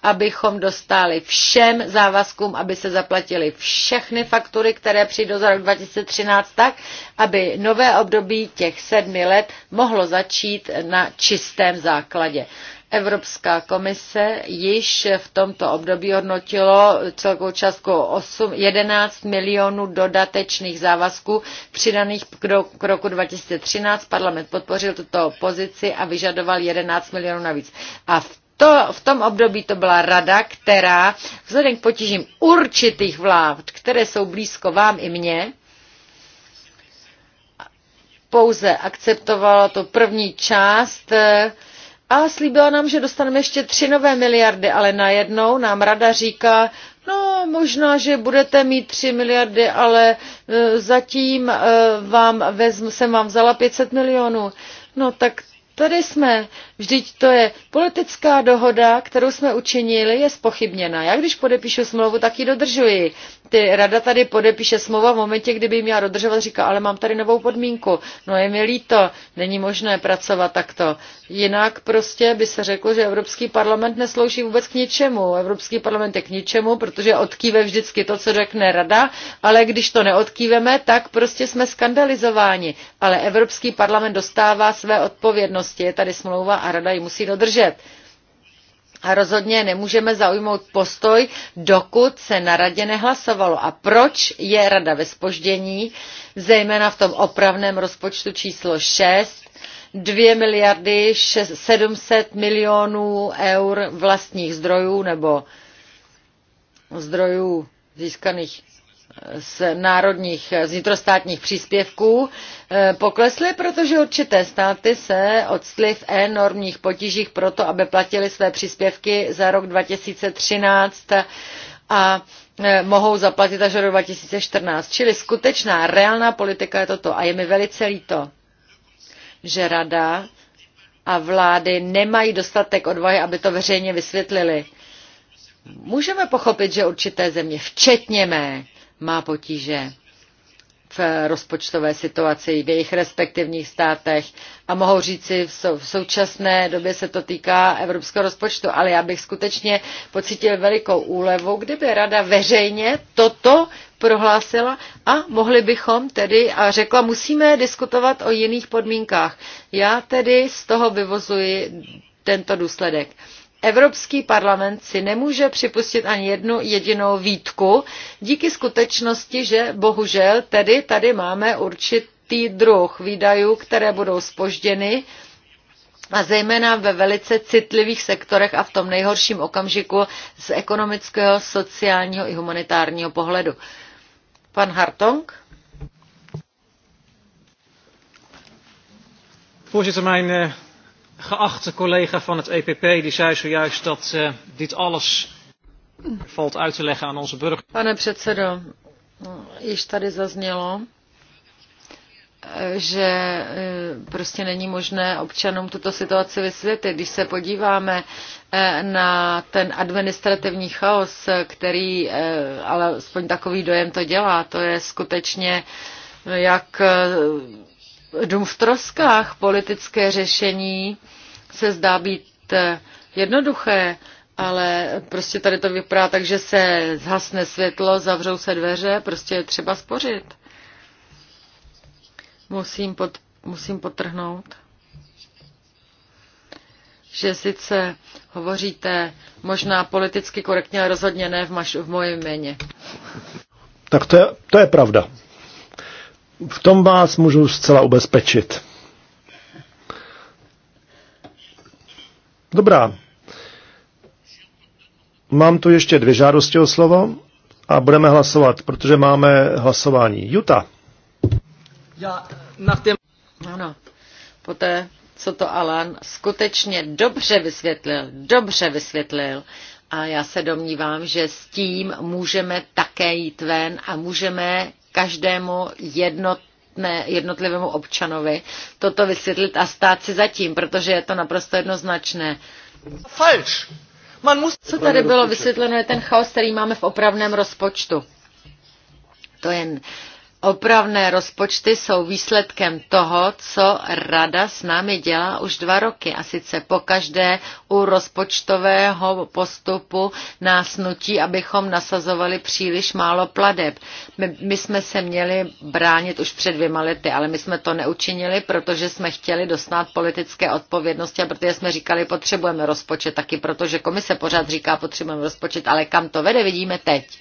abychom dostali všem závazkům, aby se zaplatily všechny faktury, které přijdou za rok 2013, tak, aby nové období těch sedmi let mohlo začít na čistém základě. Evropská komise již v tomto období hodnotilo celkovou částku 8, 11 milionů dodatečných závazků přidaných k roku 2013. Parlament podpořil tuto pozici a vyžadoval 11 milionů navíc. A v to, v tom období to byla rada, která vzhledem k potížím určitých vlád, které jsou blízko vám i mně, pouze akceptovala tu první část eh, a slíbila nám, že dostaneme ještě tři nové miliardy, ale najednou nám rada říká, no možná, že budete mít tři miliardy, ale e, zatím e, vám vezm, jsem vám vzala 500 milionů. No tak tady jsme. Vždyť to je politická dohoda, kterou jsme učinili, je spochybněna. Já když podepíšu smlouvu, tak ji dodržuji. Ty rada tady podepíše smlouva v momentě, kdyby měla dodržovat, říká, ale mám tady novou podmínku. No je mi líto, není možné pracovat takto. Jinak prostě by se řeklo, že Evropský parlament neslouží vůbec k ničemu. Evropský parlament je k ničemu, protože odkýve vždycky to, co řekne rada, ale když to neodkýveme, tak prostě jsme skandalizováni. Ale Evropský parlament dostává své odpovědnosti. Je tady smlouva a rada ji musí dodržet. A rozhodně nemůžeme zaujmout postoj, dokud se na radě nehlasovalo. A proč je rada ve spoždění, zejména v tom opravném rozpočtu číslo 6, 2 miliardy 700 milionů eur vlastních zdrojů nebo zdrojů získaných z národních, z vnitrostátních příspěvků eh, poklesly, protože určité státy se odstly v enormních potížích proto, aby platili své příspěvky za rok 2013 a eh, mohou zaplatit až do 2014. Čili skutečná, reálná politika je toto a je mi velice líto, že rada a vlády nemají dostatek odvahy, aby to veřejně vysvětlili. Můžeme pochopit, že určité země, včetně mé, má potíže v rozpočtové situaci v jejich respektivních státech. A mohou říci, v současné době se to týká evropského rozpočtu, ale já bych skutečně pocítil velikou úlevu, kdyby rada veřejně toto prohlásila a mohli bychom tedy a řekla, musíme diskutovat o jiných podmínkách. Já tedy z toho vyvozuji tento důsledek. Evropský parlament si nemůže připustit ani jednu jedinou výtku díky skutečnosti, že bohužel tedy tady máme určitý druh výdajů, které budou spožděny a zejména ve velice citlivých sektorech a v tom nejhorším okamžiku z ekonomického, sociálního i humanitárního pohledu. Pan Hartong? Voorzitter, mijn eh, geachte collega van het EPP die zei zojuist dat uh, dit alles valt uit te leggen aan onze burgers. Pane předsedo, již tady zaznělo, eh, že eh, prostě není možné občanům tuto situaci vysvětlit. Když se podíváme na ten administrativní chaos, který, ale aspoň takový dojem to dělá, to je skutečně jak dům v troskách. Politické řešení se zdá být eh, jednoduché, ale prostě tady to vypadá tak, že se zhasne světlo, zavřou se dveře, prostě je třeba spořit. Musím, pod, musím potrhnout, že sice hovoříte možná politicky korektně, ale rozhodně ne v, maš, v mojem jméně. Tak to je, to je pravda v tom vás můžu zcela ubezpečit. Dobrá. Mám tu ještě dvě žádosti o slovo a budeme hlasovat, protože máme hlasování. Juta. Já na tém... Ano. Poté, co to Alan skutečně dobře vysvětlil, dobře vysvětlil, a já se domnívám, že s tím můžeme také jít ven a můžeme každému jednot jednotlivému občanovi toto vysvětlit a stát si zatím, protože je to naprosto jednoznačné. Falš. Man Co tady bylo vysvětleno, je ten chaos, který máme v opravném rozpočtu. To je Opravné rozpočty jsou výsledkem toho, co Rada s námi dělá už dva roky. A sice pokaždé u rozpočtového postupu nás nutí, abychom nasazovali příliš málo pladeb. My, my jsme se měli bránit už před dvěma lety, ale my jsme to neučinili, protože jsme chtěli dostat politické odpovědnosti a protože jsme říkali, potřebujeme rozpočet, taky protože komise pořád říká, potřebujeme rozpočet, ale kam to vede, vidíme teď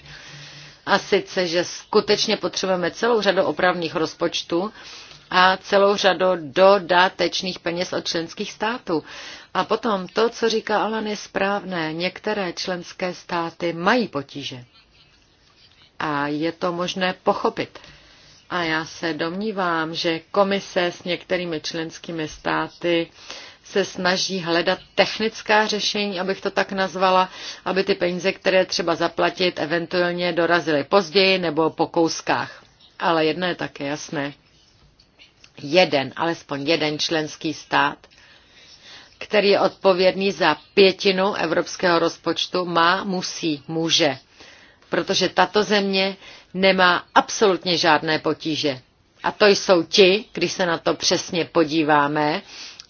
a sice, že skutečně potřebujeme celou řadu opravných rozpočtů a celou řadu dodatečných peněz od členských států. A potom to, co říká Alan, je správné. Některé členské státy mají potíže. A je to možné pochopit. A já se domnívám, že komise s některými členskými státy se snaží hledat technická řešení, abych to tak nazvala, aby ty peníze, které třeba zaplatit, eventuálně dorazily později nebo po kouskách. Ale jedno je také jasné. Jeden, alespoň jeden členský stát, který je odpovědný za pětinu evropského rozpočtu, má, musí, může. Protože tato země nemá absolutně žádné potíže. A to jsou ti, když se na to přesně podíváme,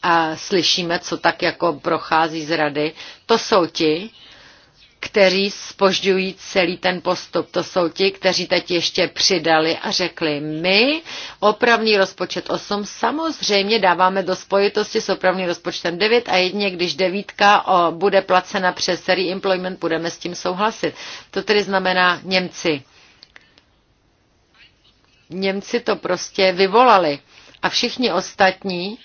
a slyšíme, co tak jako prochází z rady, to jsou ti, kteří spožďují celý ten postup. To jsou ti, kteří teď ještě přidali a řekli, my opravný rozpočet 8 samozřejmě dáváme do spojitosti s opravným rozpočtem 9 a jedině, když devítka bude placena přes re-employment, budeme s tím souhlasit. To tedy znamená Němci. Němci to prostě vyvolali. A všichni ostatní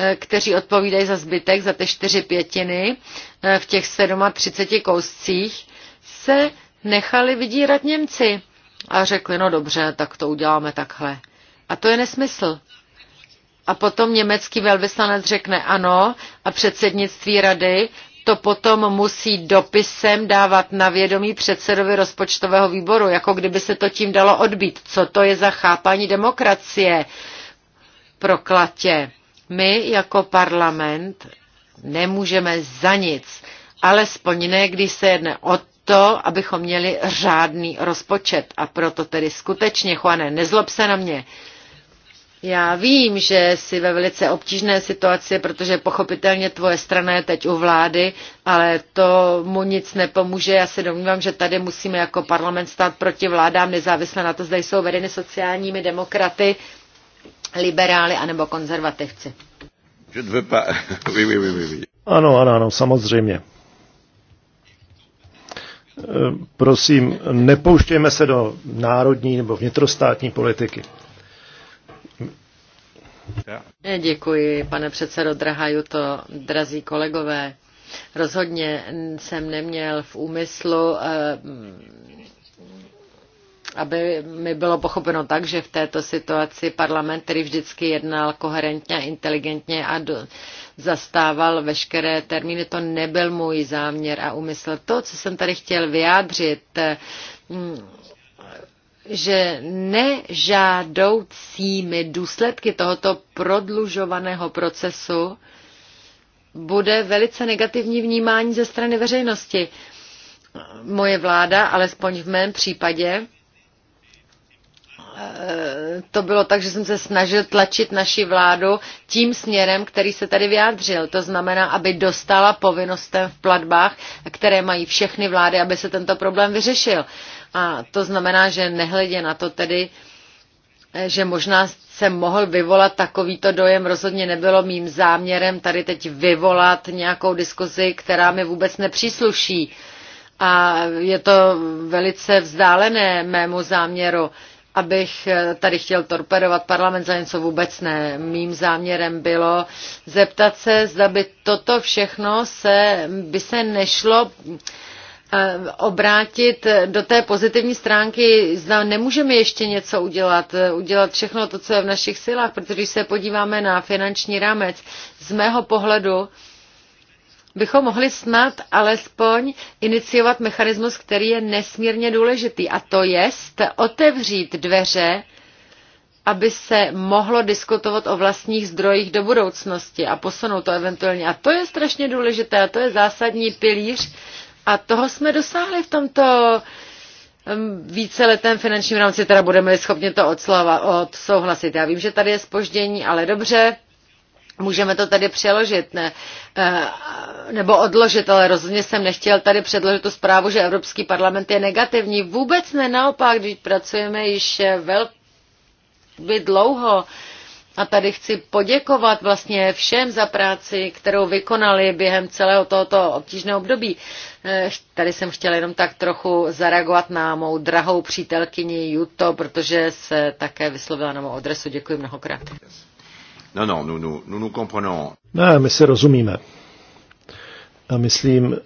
Eh, kteří odpovídají za zbytek, za ty čtyři pětiny eh, v těch 37 kouscích, se nechali vydírat Němci a řekli, no dobře, tak to uděláme takhle. A to je nesmysl. A potom německý velvyslanec řekne ano a předsednictví rady to potom musí dopisem dávat na vědomí předsedovi rozpočtového výboru, jako kdyby se to tím dalo odbít. Co to je za chápání demokracie? Proklatě. My jako parlament nemůžeme za nic, alespoň ne, když se jedne o to, abychom měli řádný rozpočet. A proto tedy skutečně, Juane, nezlob se na mě. Já vím, že jsi ve velice obtížné situaci, protože pochopitelně tvoje strana je teď u vlády, ale to mu nic nepomůže. Já se domnívám, že tady musíme jako parlament stát proti vládám, nezávisle na to, zda jsou vedeny sociálními demokraty liberály anebo konzervativci. Ano, ano, ano, samozřejmě. E, prosím, nepouštějme se do národní nebo vnitrostátní politiky. Děkuji, pane předsedo Drahaju, to drazí kolegové. Rozhodně jsem neměl v úmyslu e, aby mi bylo pochopeno tak, že v této situaci parlament, který vždycky jednal koherentně a inteligentně a do, zastával veškeré termíny, to nebyl můj záměr a úmysl. To, co jsem tady chtěl vyjádřit, mm, že nežádoucími důsledky tohoto prodlužovaného procesu bude velice negativní vnímání ze strany veřejnosti. Moje vláda, alespoň v mém případě, to bylo tak, že jsem se snažil tlačit naši vládu tím směrem, který se tady vyjádřil. To znamená, aby dostala povinnostem v platbách, které mají všechny vlády, aby se tento problém vyřešil. A to znamená, že nehledě na to tedy, že možná jsem mohl vyvolat takovýto dojem, rozhodně nebylo mým záměrem tady teď vyvolat nějakou diskuzi, která mi vůbec nepřísluší. A je to velice vzdálené mému záměru abych eh, tady chtěl torpedovat parlament za něco vůbec ne. Mým záměrem bylo zeptat se, zda by toto všechno se, by se nešlo eh, obrátit do té pozitivní stránky, zda nemůžeme ještě něco udělat, eh, udělat všechno to, co je v našich silách, protože když se podíváme na finanční rámec, z mého pohledu bychom mohli snad alespoň iniciovat mechanismus, který je nesmírně důležitý, a to je otevřít dveře, aby se mohlo diskutovat o vlastních zdrojích do budoucnosti a posunout to eventuálně. A to je strašně důležité, a to je zásadní pilíř. A toho jsme dosáhli v tomto um, víceletém finančním rámci, teda budeme schopni to odsouhlasit. Já vím, že tady je spoždění, ale dobře Můžeme to tady přeložit, ne, eh, nebo odložit, ale rozhodně jsem nechtěl tady předložit tu zprávu, že Evropský parlament je negativní. Vůbec ne, naopak, když pracujeme již velmi dlouho. A tady chci poděkovat vlastně všem za práci, kterou vykonali během celého tohoto obtížného období. Eh, tady jsem chtěla jenom tak trochu zareagovat na mou drahou přítelkyni Juto, protože se také vyslovila na mou adresu. Děkuji mnohokrát. Yes. No, no, no, no, no, no comprenons. Ne, my si rozumíme. A myslím,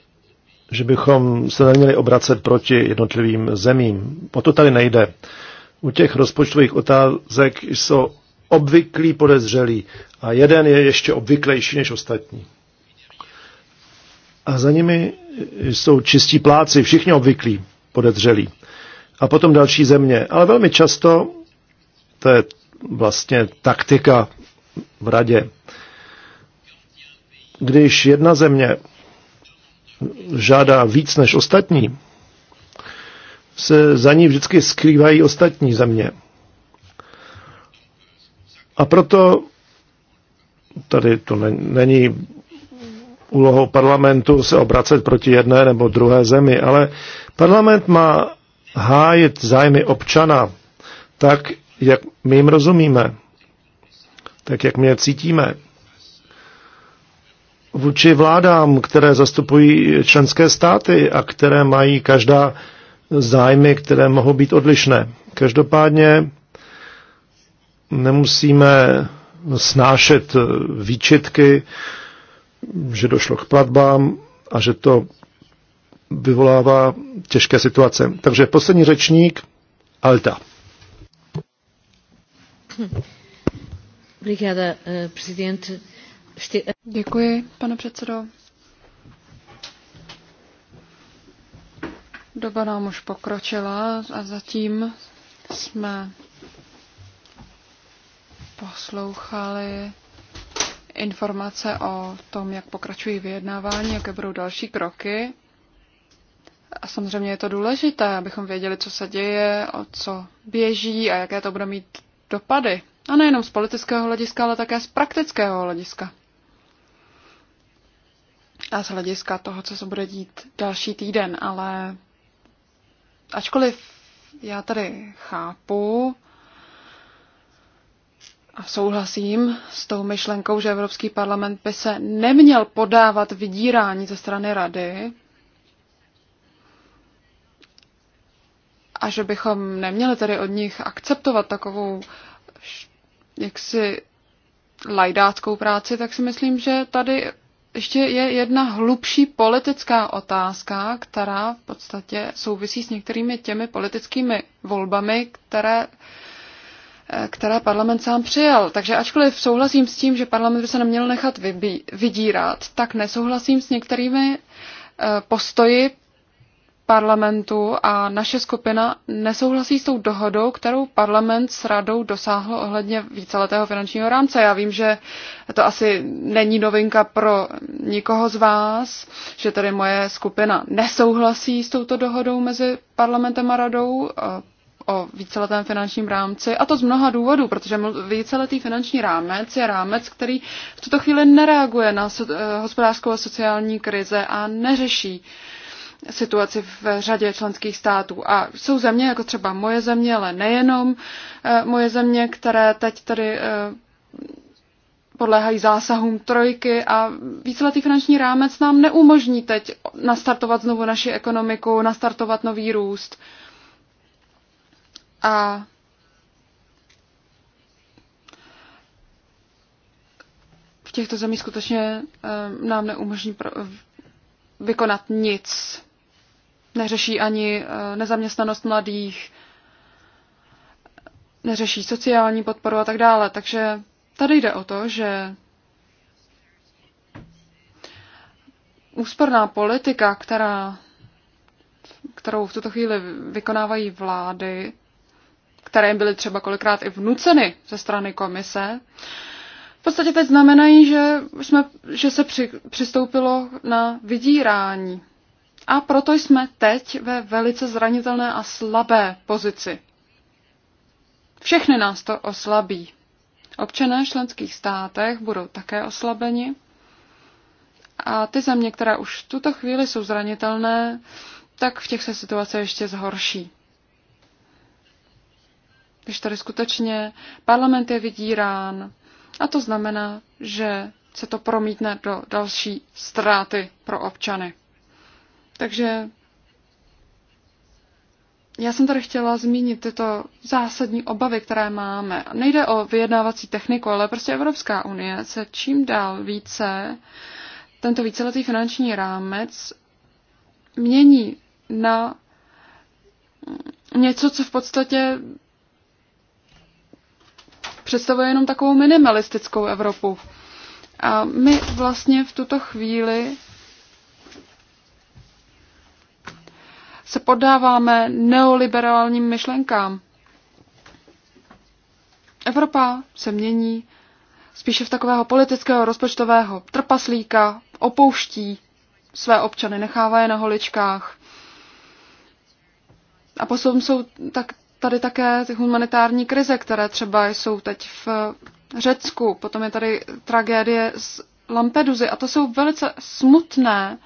že bychom se neměli obracet proti jednotlivým zemím. O to tady nejde. U těch rozpočtových otázek jsou obvyklí podezřelí a jeden je ještě obvyklejší než ostatní. A za nimi jsou čistí pláci, všichni obvyklí podezřelí. A potom další země. Ale velmi často, to je vlastně taktika v radě. Když jedna země žádá víc než ostatní, se za ní vždycky skrývají ostatní země. A proto tady to není úlohou parlamentu se obracet proti jedné nebo druhé zemi, ale parlament má hájit zájmy občana tak, jak my jim rozumíme tak jak my je cítíme. Vůči vládám, které zastupují členské státy a které mají každá zájmy, které mohou být odlišné. Každopádně nemusíme snášet výčitky, že došlo k platbám a že to vyvolává těžké situace. Takže poslední řečník, Alta. Hm. Obrigada, eh, presidente. Eh, Děkuji, pane předsedo. Doba nám už pokročila a zatím jsme poslouchali informace o tom, jak pokračují vyjednávání, jaké budou další kroky. A samozřejmě je to důležité, abychom věděli, co se děje, o co běží a jaké to bude mít dopady. A nejenom z politického hlediska, ale také z praktického hlediska. A z hlediska toho, co se bude dít další týden, ale ačkoliv já tady chápu a souhlasím s tou myšlenkou, že Evropský parlament by se neměl podávat vydírání ze strany rady, a že bychom neměli tedy od nich akceptovat takovou jaksi lajdáckou práci, tak si myslím, že tady ještě je jedna hlubší politická otázka, která v podstatě souvisí s některými těmi politickými volbami, které eh, které parlament sám přijal. Takže ačkoliv souhlasím s tím, že parlament by se neměl nechat vybí, vydírat, tak nesouhlasím s některými eh, postoji parlamentu a naše skupina nesouhlasí s tou dohodou, kterou parlament s radou dosáhl ohledně víceletého finančního rámce. Já vím, že to asi není novinka pro nikoho z vás, že tedy moje skupina nesouhlasí s touto dohodou mezi parlamentem a radou o víceletém finančním rámci, a to z mnoha důvodů, protože víceletý finanční rámec je rámec, který v tuto chvíli nereaguje na eh, hospodářskou a sociální krize a neřeší uh, situaci v řadě členských států. A jsou země, jako třeba moje země, ale nejenom eh, moje země, které teď tady eh, podléhají zásahům trojky a víceletý finanční rámec nám neumožní teď nastartovat znovu naši ekonomiku, nastartovat nový růst. A v těchto zemích skutečně eh, nám neumožní vykonat nic neřeší ani eh, nezaměstnanost mladých, neřeší sociální podporu a tak dále. Takže tady jde o to, že úsporná politika, která, kterou v tuto chvíli vykonávají vlády, které byly třeba kolikrát i vnuceny ze strany komise, v podstatě teď znamenají, že, jsme, že se při, přistoupilo na vydírání a proto jsme teď ve velice zranitelné a slabé pozici. Všechny nás to oslabí. Občané v členských státech budou také oslabeni. A ty země, které už v tuto chvíli jsou zranitelné, tak v těch se situace ještě zhorší. Když tady skutečně parlament je vydírán, a to znamená, že se to promítne do další ztráty pro občany. Takže já jsem tady chtěla zmínit tyto zásadní obavy, které máme. Nejde o vyjednávací techniku, ale prostě Evropská unie se čím dál více tento víceletý finanční rámec mění na něco, co v podstatě představuje jenom takovou minimalistickou Evropu. A my vlastně v tuto chvíli se podáváme neoliberálním myšlenkám. Evropa se mění spíše v takového politického rozpočtového trpaslíka, opouští své občany, nechává je na holičkách. A potom jsou tak, tady také ty humanitární krize, které třeba jsou teď v Řecku, potom je tady tragédie z Lampeduzy a to jsou velice smutné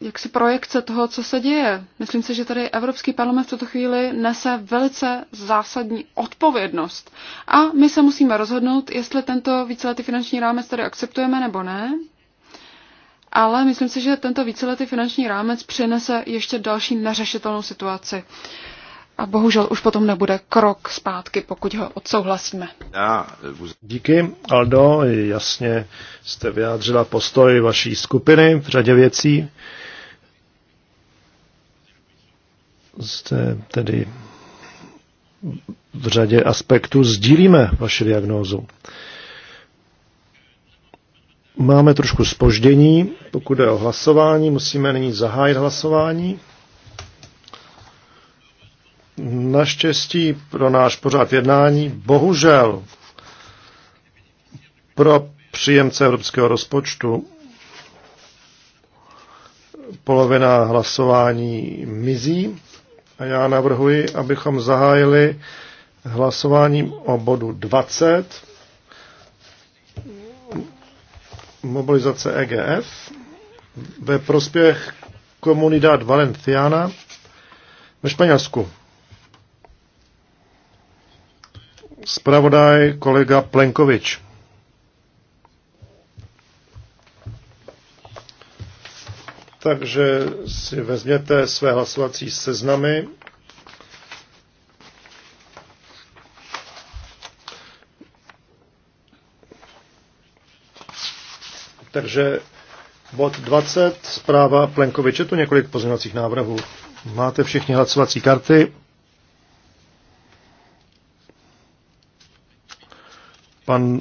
jaksi projekce toho, co se děje. Myslím si, že tady Evropský parlament v tuto chvíli nese velice zásadní odpovědnost. A my se musíme rozhodnout, jestli tento víceletý finanční rámec tady akceptujeme nebo ne. Ale myslím si, že tento víceletý finanční rámec přinese ještě další neřešitelnou situaci. A bohužel už potom nebude krok zpátky, pokud ho odsouhlasíme. Eh, Díky, Aldo. Jasně jste vyjádřila postoj vaší skupiny v řadě věcí zde tedy v řadě aspektů sdílíme vaši diagnózu. Máme trošku spoždění, pokud je o hlasování, musíme nyní zahájit hlasování. Naštěstí pro náš pořád jednání, bohužel pro příjemce evropského rozpočtu polovina hlasování mizí. A já navrhuji, abychom zahájili hlasováním o bodu 20, mobilizace EGF, ve prospěch Comunidad Valenciana ve Španělsku. Spravodaj kolega Plenkovič. Takže si vezměte své hlasovací seznamy. Takže bod 20, zpráva Plenkoviče, tu několik pozměňovacích návrhů. Máte všichni hlasovací karty. Pan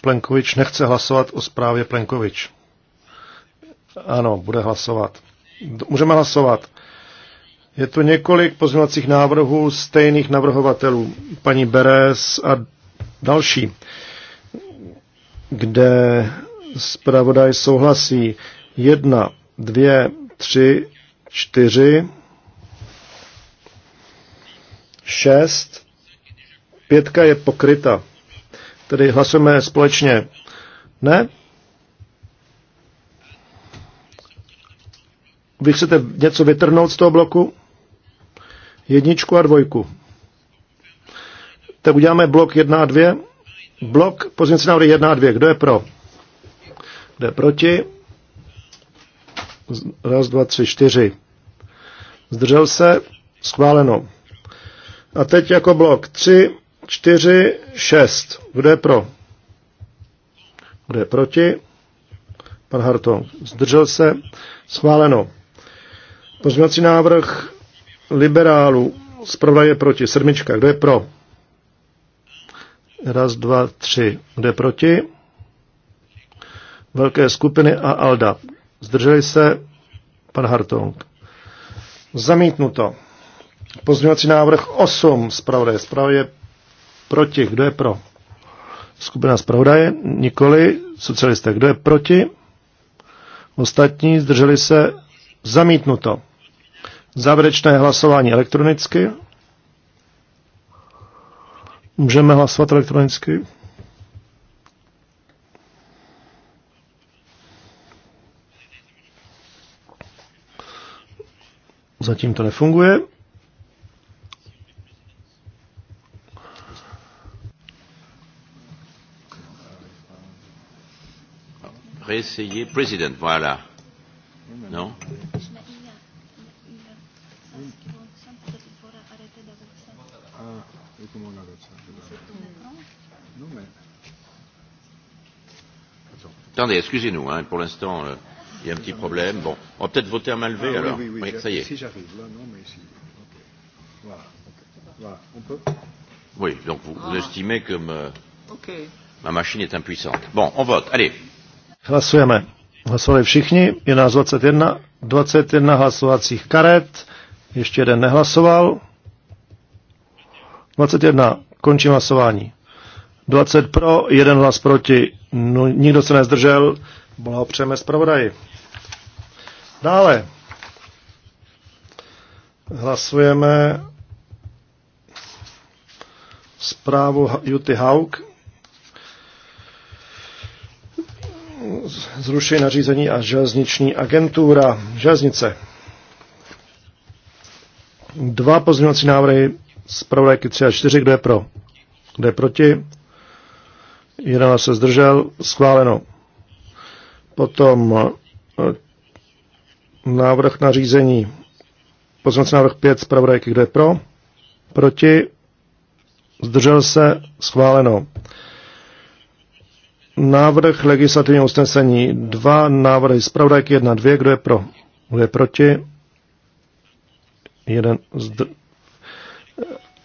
Plenkovič nechce hlasovat o zprávě Plenkovič. Ano, bude hlasovat. Můžeme hlasovat. Je tu několik pozměňovacích návrhů stejných navrhovatelů, paní Beres a další, kde zpravodaj souhlasí jedna, dvě, tři, čtyři, šest, pětka je pokryta. Tedy hlasujeme společně. Ne? Vy chcete něco vytrhnout z toho bloku? Jedničku a dvojku. Tak uděláme blok 1 a 2. Blok pozměnce návrhy 1 a 2. Kdo je pro? Kdo je proti? Raz, dva, tři, čtyři. Zdržel se? Schváleno. A teď jako blok 3, 4, 6. Kdo je pro? Kdo je proti? Pan Harto. Zdržel se? Schváleno. Pozměňovací návrh liberálu z je proti. Sedmička. Kdo je pro? Raz, dva, tři. Kdo je proti? Velké skupiny a Alda. Zdrželi se pan Hartong. Zamítnuto. Pozměňovací návrh 8. Zpravodaj. Zpravodaj proti. Kdo je pro? Skupina zpravodaje. Nikoli. Socialisté. Kdo je proti? Ostatní zdrželi se zamítnuto. Závěrečné hlasování elektronicky. Můžeme hlasovat elektronicky. Zatím to nefunguje. Président, voilà. Non Attendez, excusez-nous, hein, pour l'instant, euh, il y a un petit problème. Bon, on va peut-être voter à main levée ah, alors. Oui, oui, oui, oui, ça y est. Si j'arrive, là, non, mais si. Okay. Voilà, okay. voilà, on peut Oui, donc vous, ah. vous estimez que me, okay. ma machine est impuissante. Bon, on vote, allez. Hlasujeme. Hlasovali všichni, je nás 21, 21 hlasovacích karet, ještě jeden nehlasoval. 21, končím hlasování. 20 pro, jeden hlas proti, No, nikdo se nezdržel. Blahopřejeme zpravodaji. Dále. Hlasujeme zprávu Juty Hauk Zrušení nařízení a železniční agentura. Železnice. Dva pozměňovací návrhy z 3 a 4. Kdo je pro? Kdo je proti? 11 se zdržel, schváleno. Potom eh, návrh na řízení. Poslanecí návrh 5 zpravodajky, kde je pro, proti, zdržel se, schváleno. Návrh legislativního usnesení dva návrhy zpravodajky 1, 2, kdo je pro, kdo je proti, jeden zdr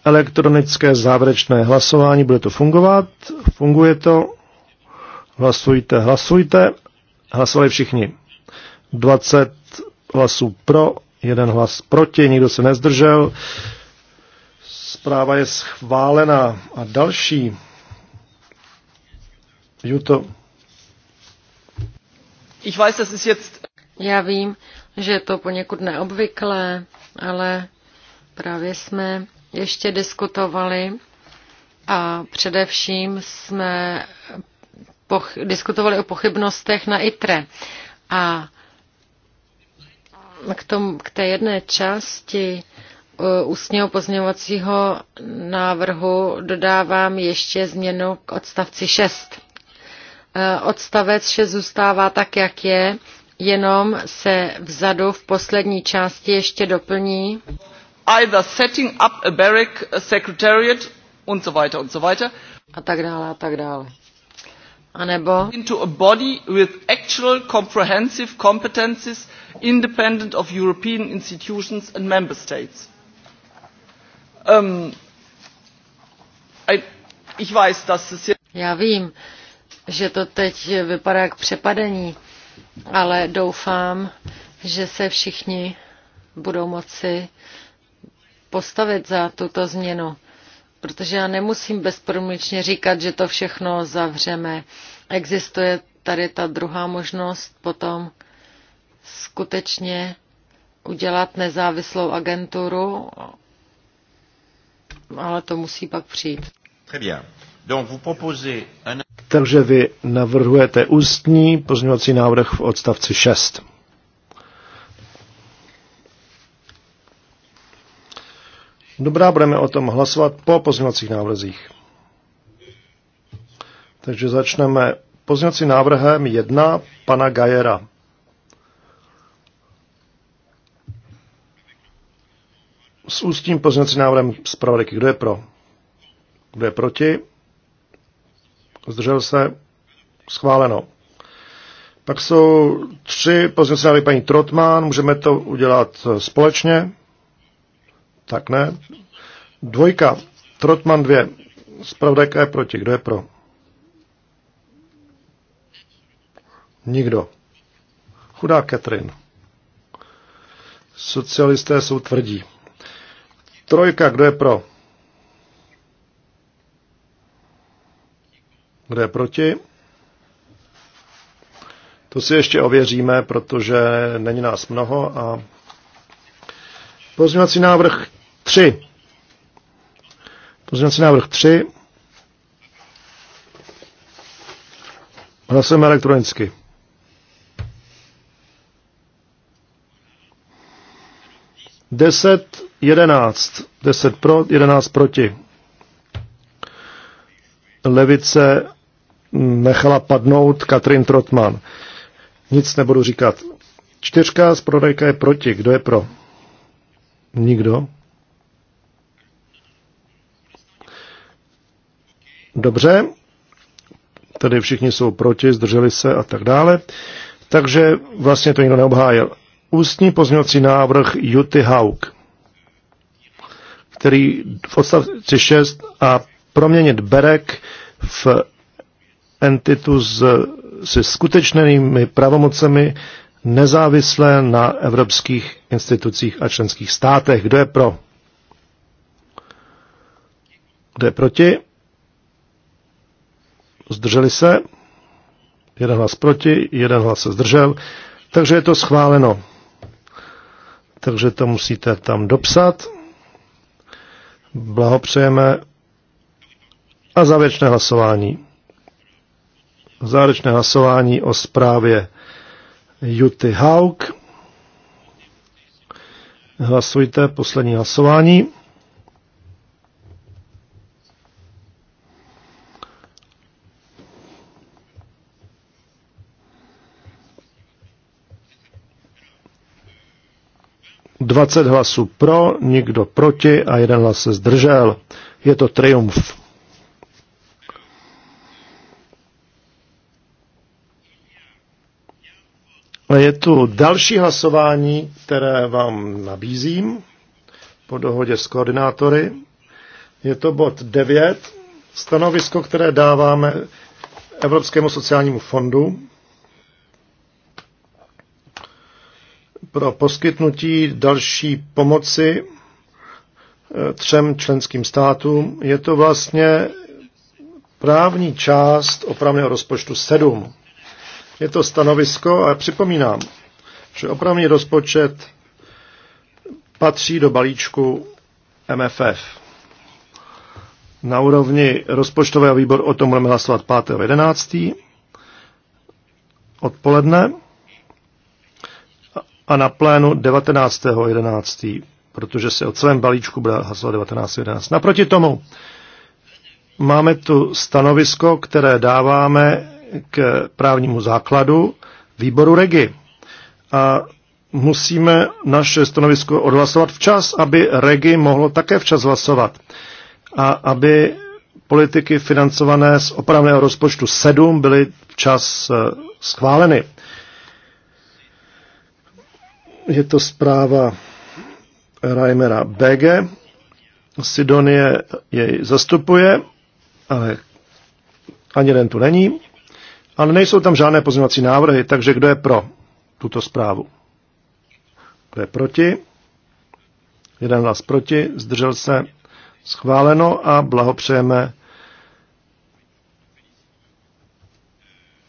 elektronické závěrečné hlasování. Bude to fungovat? Funguje to? Hlasujte, hlasujte. Hlasovali všichni. 20 hlasů pro, jeden hlas proti, nikdo se nezdržel. Zpráva je schválena. A další. Juto. Ich weiß, das ist jetzt... Já vím, že je to poněkud neobvyklé, ale právě jsme ještě diskutovali a především jsme poch- diskutovali o pochybnostech na ITRE. A k, tom, k té jedné části uh, ústního pozměňovacího návrhu dodávám ještě změnu k odstavci 6. Uh, odstavec 6 zůstává tak, jak je, jenom se vzadu v poslední části ještě doplní either setting up a barrack a secretariat und so weiter und so weiter. A tak dále, a tak dále. A nebo into a body with actual comprehensive competences independent of European institutions and member states. Um, ähm, I, ich weiß, dass es jetzt... Já vím, že to teď vypadá jak přepadení, ale doufám, že se všichni budou moci postavit za tuto změnu, protože já nemusím bezpromlučně říkat, že to všechno zavřeme. Existuje tady ta druhá možnost potom skutečně udělat nezávislou agenturu, ale to musí pak přijít. Takže vy navrhujete ústní pozměňovací návrh v odstavci 6. Dobrá, budeme o tom hlasovat po pozměňovacích návrzích. Takže začneme pozměňovacím návrhem 1 pana Gajera. S ústním pozměňovacím návrhem zpravodajky. Kdo je pro? Kdo je proti? Zdržel se? Schváleno. Pak jsou tři pozměňovací návrhy paní Trotman. Můžeme to udělat společně. Tak ne. Dvojka. Trotman 2. Spravodajka je proti. Kdo je pro? Nikdo. Chudá Katrin. Socialisté jsou tvrdí. Trojka, kdo je pro? Kdo je proti? To si ještě ověříme, protože není nás mnoho a pozměňovací návrh 3. Pozměňovací návrh 3. Hlasujeme elektronicky. Deset, jedenáct. Deset pro, jedenáct proti. Levice nechala padnout Katrin Trotman. Nic nebudu říkat. Čtyřka z prodejka je proti. Kdo je pro? Nikdo. Dobře, tedy všichni jsou proti, zdrželi se a tak dále. Takže vlastně to nikdo neobhájil. Ústní pozměňovací návrh Juty Hauk, který v odstavci 6 a proměnit berek v entitu s, se skutečnými pravomocemi nezávislé na evropských institucích a členských státech. Kdo je pro? Kdo je proti? zdrželi se, jeden hlas proti, jeden hlas se zdržel, takže je to schváleno. Takže to musíte tam dopsat. Blahopřejeme a závěrečné hlasování. Závěrečné hlasování o zprávě Juty Haug. Hlasujte, poslední hlasování. 20 hlasů pro, nikdo proti a jeden hlas se zdržel. Je to triumf. A je tu další hlasování, které vám nabízím po dohodě s koordinátory. Je to bod 9, stanovisko, které dáváme Evropskému sociálnímu fondu. pro poskytnutí další pomoci eh, třem členským státům. Je to vlastně právní část opravného rozpočtu 7. Je to stanovisko a připomínám, že opravný rozpočet patří do balíčku MFF. Na úrovni rozpočtového výboru o tom budeme hlasovat 5.11. odpoledne a na plénu 19.11., protože se o celém balíčku bude hlasovat 19.11. Naproti tomu máme tu stanovisko, které dáváme k právnímu základu výboru REGI. A musíme naše stanovisko odhlasovat včas, aby REGI mohlo také včas hlasovat. A aby politiky financované z opravného rozpočtu 7 byly včas eh, schváleny. Je to zpráva Reimera Bege. Sidonie jej zastupuje, ale ani jeden tu není. Ale nejsou tam žádné pozměňovací návrhy, takže kdo je pro tuto zprávu? Kdo je proti? Jeden hlas proti, zdržel se, schváleno a blahopřejeme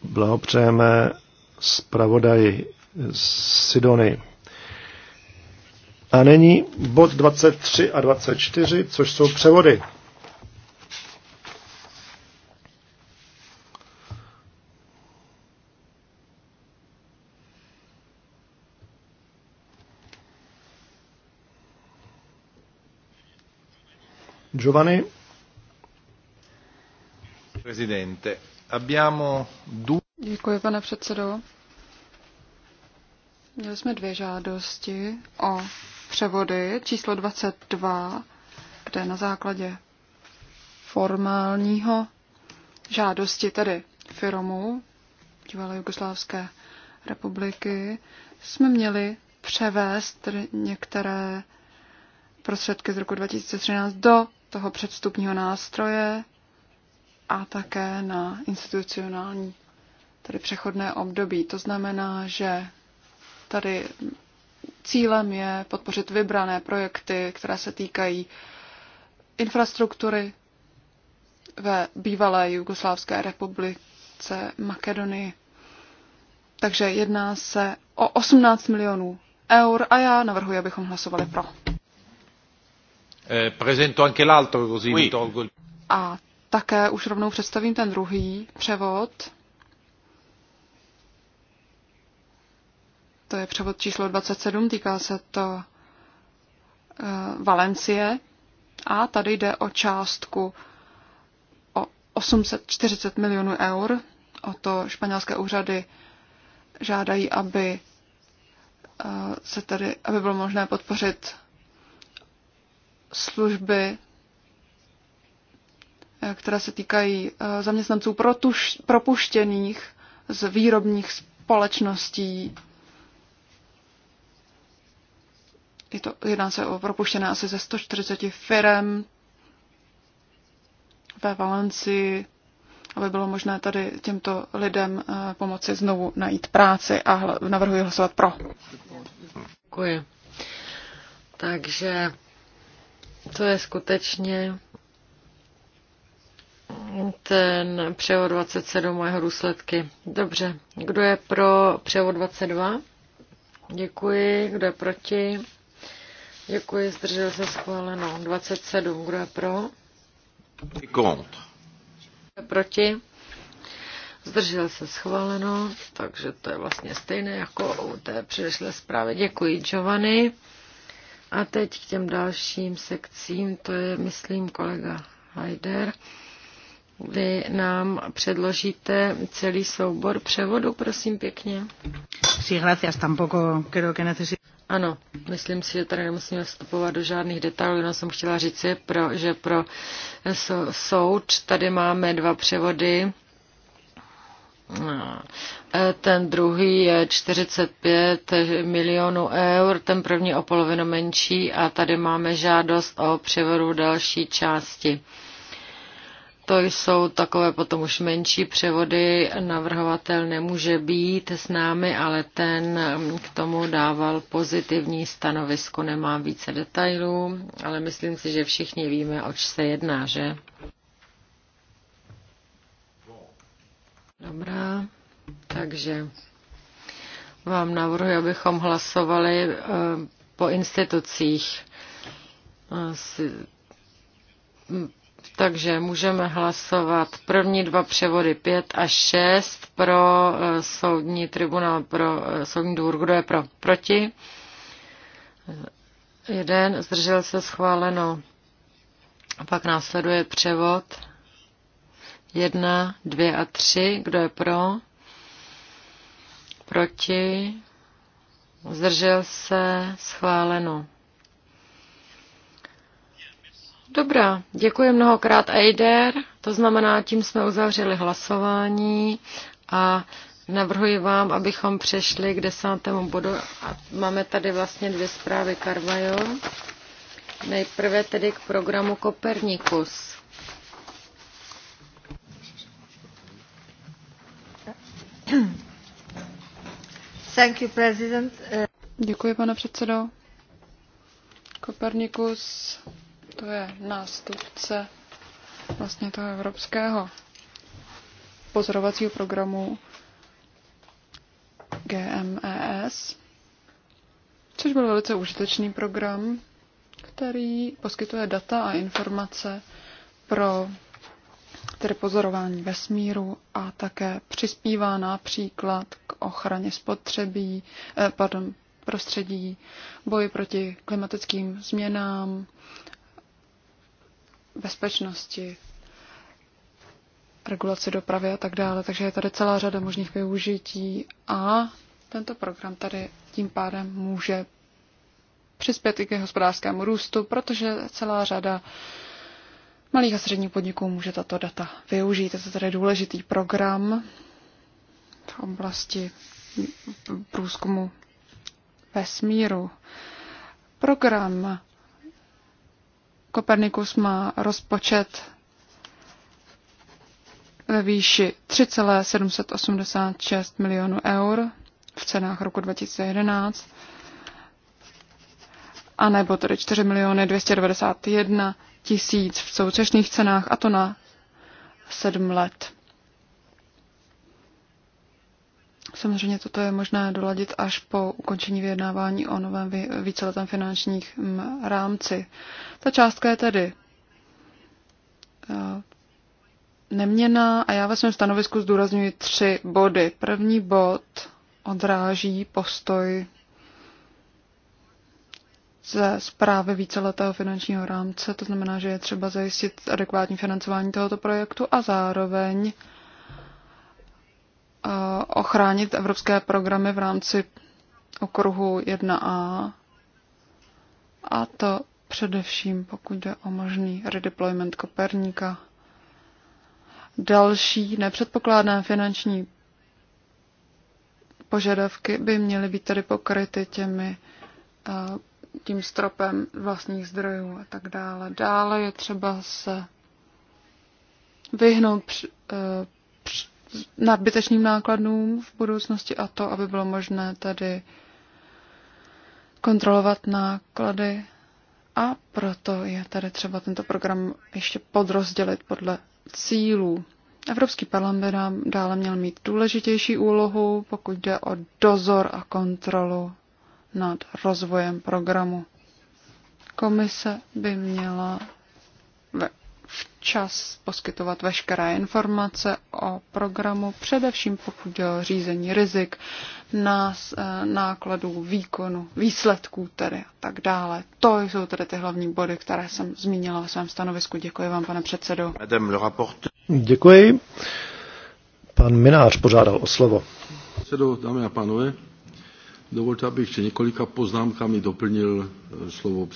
blahopřejeme zpravodaji Sidonii. A není bod 23 a 24, což jsou převody. Giovanni. Presidente, abbiamo du... Děkuji, pane předsedo. Měli jsme dvě žádosti o převody číslo 22, kde na základě formálního žádosti tedy firmu bývalé Jugoslávské republiky jsme měli převést některé prostředky z roku 2013 do toho předstupního nástroje a také na institucionální, tedy přechodné období. To znamená, že tady Cílem je podpořit vybrané projekty, které se týkají infrastruktury ve bývalé Jugoslávské republice Makedonii. Takže jedná se o 18 milionů eur a já navrhuji, abychom hlasovali pro. Eh, a také už rovnou představím ten druhý převod. to je převod číslo 27, týká se to eh, Valencie a tady jde o částku o 840 milionů eur. O to španělské úřady žádají, aby eh, se tady, aby bylo možné podpořit služby, eh, které se týkají zaměstnanců propuštěných z výrobních společností je to, jedná se o propuštěné asi ze 140 firm ve Valencii, aby bylo možné tady těmto lidem eh, pomoci znovu najít práci a navrhuji hlasovat pro. Děkuji. Takže to je skutečně ten převod 27 a jeho důsledky. Dobře, kdo je pro převod 22? Děkuji, kdo je proti? Děkuji, zdržel se schváleno. 27, kdo je pro? Kont. Proti? Zdržel se schváleno, takže to je vlastně stejné jako u té předešlé zprávy. Děkuji, Giovanni. A teď k těm dalším sekcím, to je, myslím, kolega Hajder. Vy nám předložíte celý soubor převodu, prosím pěkně. Sí, gracias. Tampoco creo que necesite... Ano, myslím si, že tady nemusíme vstupovat do žádných detailů, jenom jsem chtěla říci, pro, že pro soud tady máme dva převody. E, ten druhý je 45 milionů eur, ten první o polovinu menší a tady máme žádost o převodu další části to jsou takové potom už menší převody. Navrhovatel nemůže být s námi, ale ten k tomu dával pozitivní stanovisko. Nemá více detailů, ale myslím si, že všichni víme, oč se jedná, že? Dobrá, takže vám navrhuji, abychom hlasovali eh, po institucích takže můžeme hlasovat první dva převody 5 a 6 pro e, soudní tribunál, pro e, soudní důvod, Kdo je pro? Proti? E, jeden, zdržel se schváleno. A pak následuje převod 1, 2 a 3. Kdo je pro? Proti? Zdržel se schváleno. Dobrá, děkuji mnohokrát Eider, to znamená, tím jsme uzavřeli hlasování a navrhuji vám, abychom přešli k desátému bodu a máme tady vlastně dvě zprávy Karvajo. Nejprve tedy k programu Kopernikus. Thank you, President. Děkuji, pane předsedo. Kopernikus to je nástupce vlastně toho evropského pozorovacího programu GMES, což byl velice užitečný program, který poskytuje data a informace pro tedy pozorování vesmíru a také přispívá například k ochraně spotřebí, eh, pardon, prostředí, boji proti klimatickým změnám bezpečnosti, regulaci dopravy a tak dále. Takže je tady celá řada možných využití a tento program tady tím pádem může přispět i k hospodářskému růstu, protože celá řada malých a středních podniků může tato data využít. Je to tady důležitý program v oblasti průzkumu vesmíru. Program Kopernikus má rozpočet ve výši 3,786 milionů eur v cenách roku 2011 a nebo tedy 4 miliony 291 tisíc v současných cenách a to na 7 let. Samozřejmě toto je možné doladit až po ukončení vyjednávání o novém víceletém finančních rámci. Ta částka je tedy eh, neměná a já ve svém stanovisku zdůrazňuji tři body. První bod odráží postoj ze zprávy víceletého finančního rámce, to znamená, že je třeba zajistit adekvátní financování tohoto projektu a zároveň uh, Eh, ochránit evropské programy v rámci okruhu 1A a to především pokud jde o možný redeployment Koperníka. Další nepředpokládané finanční požadavky by měly být tady pokryty těmi eh, tím stropem vlastních zdrojů a tak dále. Dále je třeba se vyhnout eh, nadbytečným nákladům v budoucnosti a to, aby bylo možné tady kontrolovat náklady a proto je tady třeba tento program ještě podrozdělit podle cílů. Evropský parlament nám dále měl mít důležitější úlohu, pokud jde o dozor a kontrolu nad rozvojem programu. Komise by měla včas poskytovat veškeré informace o programu, především pokud jde o řízení rizik, nás, eh, nákladů, výkonu, výsledků tedy a tak dále. To jsou tedy ty hlavní body, které jsem zmínila ve svém stanovisku. Děkuji vám, pane předsedo. Děkuji. Pan Minář požádal o slovo. Předsedo, dámy a pánové, dovolte, abych ještě několika poznámkami doplnil eh, slovo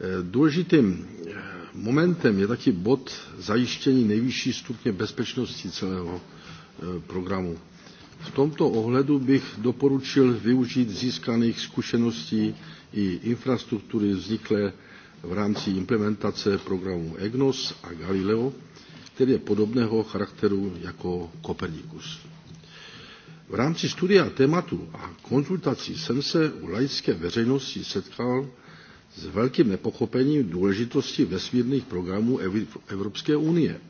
Eh, důležitým eh, momentem je taky bod zajištění nejvyšší stupně bezpečnosti celého eh, programu. V tomto ohledu bych doporučil využít získaných zkušeností i infrastruktury vzniklé v rámci implementace programů EGNOS a Galileo, který je podobného charakteru jako Copernicus. V rámci studia tématu a konzultací jsem se u laické veřejnosti setkal s velkým nepochopením důležitosti vesmírných programů Evropské unie.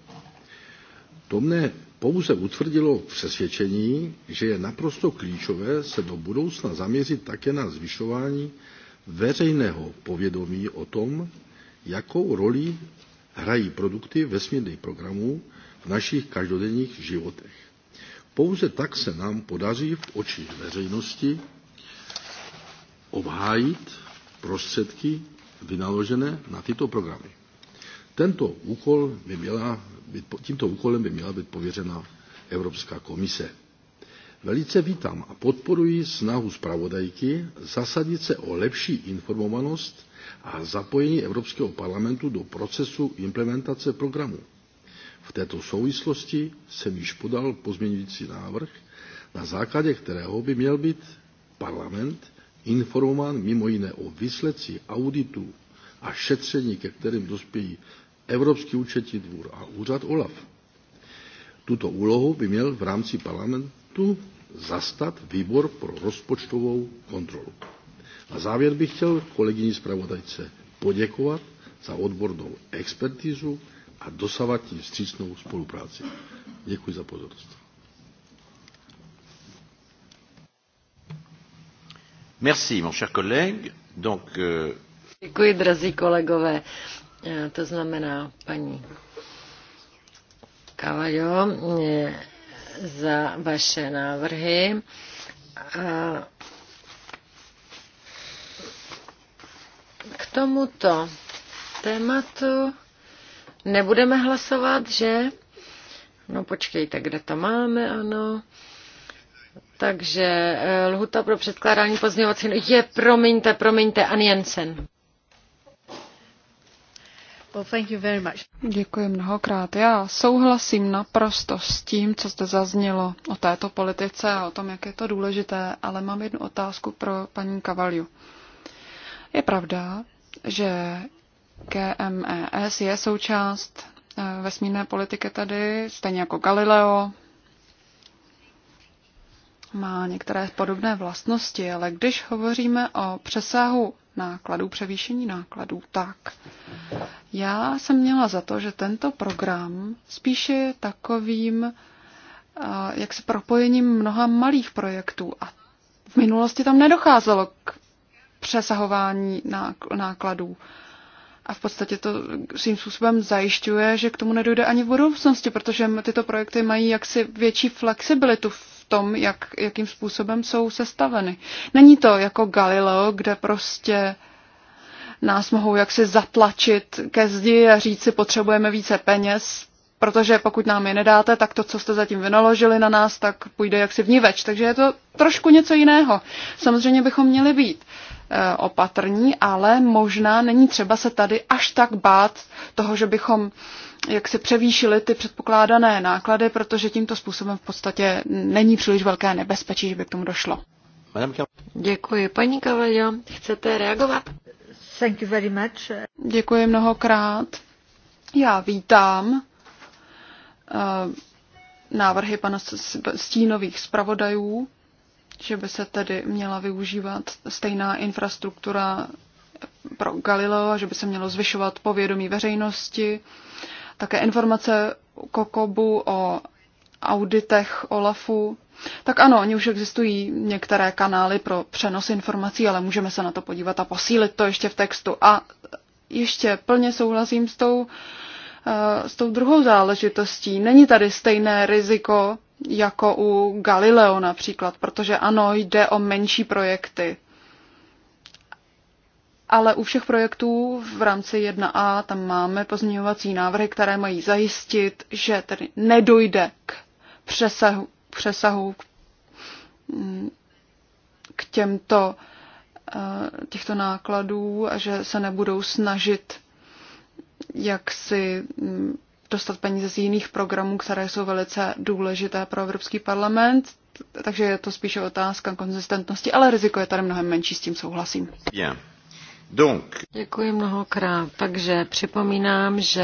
To mne pouze utvrdilo přesvědčení, že je naprosto klíčové se do budoucna zaměřit také na zvyšování veřejného povědomí o tom, jakou roli hrají produkty vesmírných programů v našich každodenních životech. Pouze tak se nám podaří v očích veřejnosti obhájit prostředky vynaložené na tyto programy. Tento úkol by měla být, tímto úkolem by měla být pověřena Evropská komise. Velice vítám a podporuji snahu zpravodajky zasadit se o lepší informovanost a zapojení Evropského parlamentu do procesu implementace programu. V této souvislosti jsem již podal pozměňující návrh, na základě kterého by měl být parlament informován mimo jiné o výsledcích auditů a šetření, ke kterým dospějí Evropský účetní dvůr a úřad OLAF. Tuto úlohu by měl v rámci parlamentu zastat výbor pro rozpočtovou kontrolu. Na závěr bych chtěl kolegyni zpravodajce poděkovat za odbornou expertizu a dosavatní vstřícnou spolupráci. Děkuji za pozornost. Euh, Děkuji, drazí kolegové. Eh, to znamená, paní Kavajo, eh, za vaše návrhy. A k tomuto tématu nebudeme hlasovat, že? No počkejte, kde to máme, ano. Takže eh, lhuta pro předkládání pozměňovací no- je, promiňte, promiňte, Ani Jensen. Well, thank you very much. Děkuji mnohokrát. Já souhlasím naprosto s tím, co jste zaznělo o této politice a o tom, jak je to důležité, ale mám jednu otázku pro paní Kavalju. Je pravda, že KMES je součást eh, vesmírné politiky tady, stejně jako Galileo, má některé podobné vlastnosti, ale když hovoříme o přesahu nákladů, převýšení nákladů, tak já jsem měla za to, že tento program spíše je takovým eh, jak se propojením mnoha malých projektů a v minulosti tam nedocházelo k přesahování nákladů. A v podstatě to svým způsobem zajišťuje, že k tomu nedojde ani v budoucnosti, protože tyto projekty mají jaksi větší flexibilitu v tom, jak, jakým způsobem jsou sestaveny. Není to jako Galileo, kde prostě nás mohou jaksi zatlačit ke zdi a říct si, potřebujeme více peněz, protože pokud nám je nedáte, tak to, co jste zatím vynaložili na nás, tak půjde jaksi vníveč. Takže je to trošku něco jiného. Samozřejmě bychom měli být eh, opatrní, ale možná není třeba se tady až tak bát toho, že bychom jak se převýšily ty předpokládané náklady, protože tímto způsobem v podstatě není příliš velké nebezpečí, že by k tomu došlo. Děkuji. Paní Kavaljo, chcete reagovat? Thank you very much. Děkuji mnohokrát. Já vítám Eh, návrhy pana stínových zpravodajů, že by se tedy měla využívat stejná infrastruktura pro Galileo a že by se mělo zvyšovat povědomí veřejnosti. Také informace Kokobu o auditech OLAFu. Tak ano, oni už existují některé kanály pro přenos informací, ale můžeme se na to podívat a posílit to ještě v textu. A ještě plně souhlasím s tou uh, Eh, s tou druhou záležitostí. Není tady stejné riziko jako u Galileo například, protože ano, jde o menší projekty. Ale u všech projektů v rámci 1A tam máme pozměňovací návrhy, které mají zajistit, že tedy nedojde k přesahu, přesahu k mm, těmto eh, těchto nákladů a že se nebudou snažit jak si mm, dostat peníze z jiných programů, které jsou velice důležité pro Evropský parlament. Takže je to spíše otázka konzistentnosti, ale riziko je tady mnohem menší, s tím souhlasím. Děkuji mnohokrát. Takže připomínám, že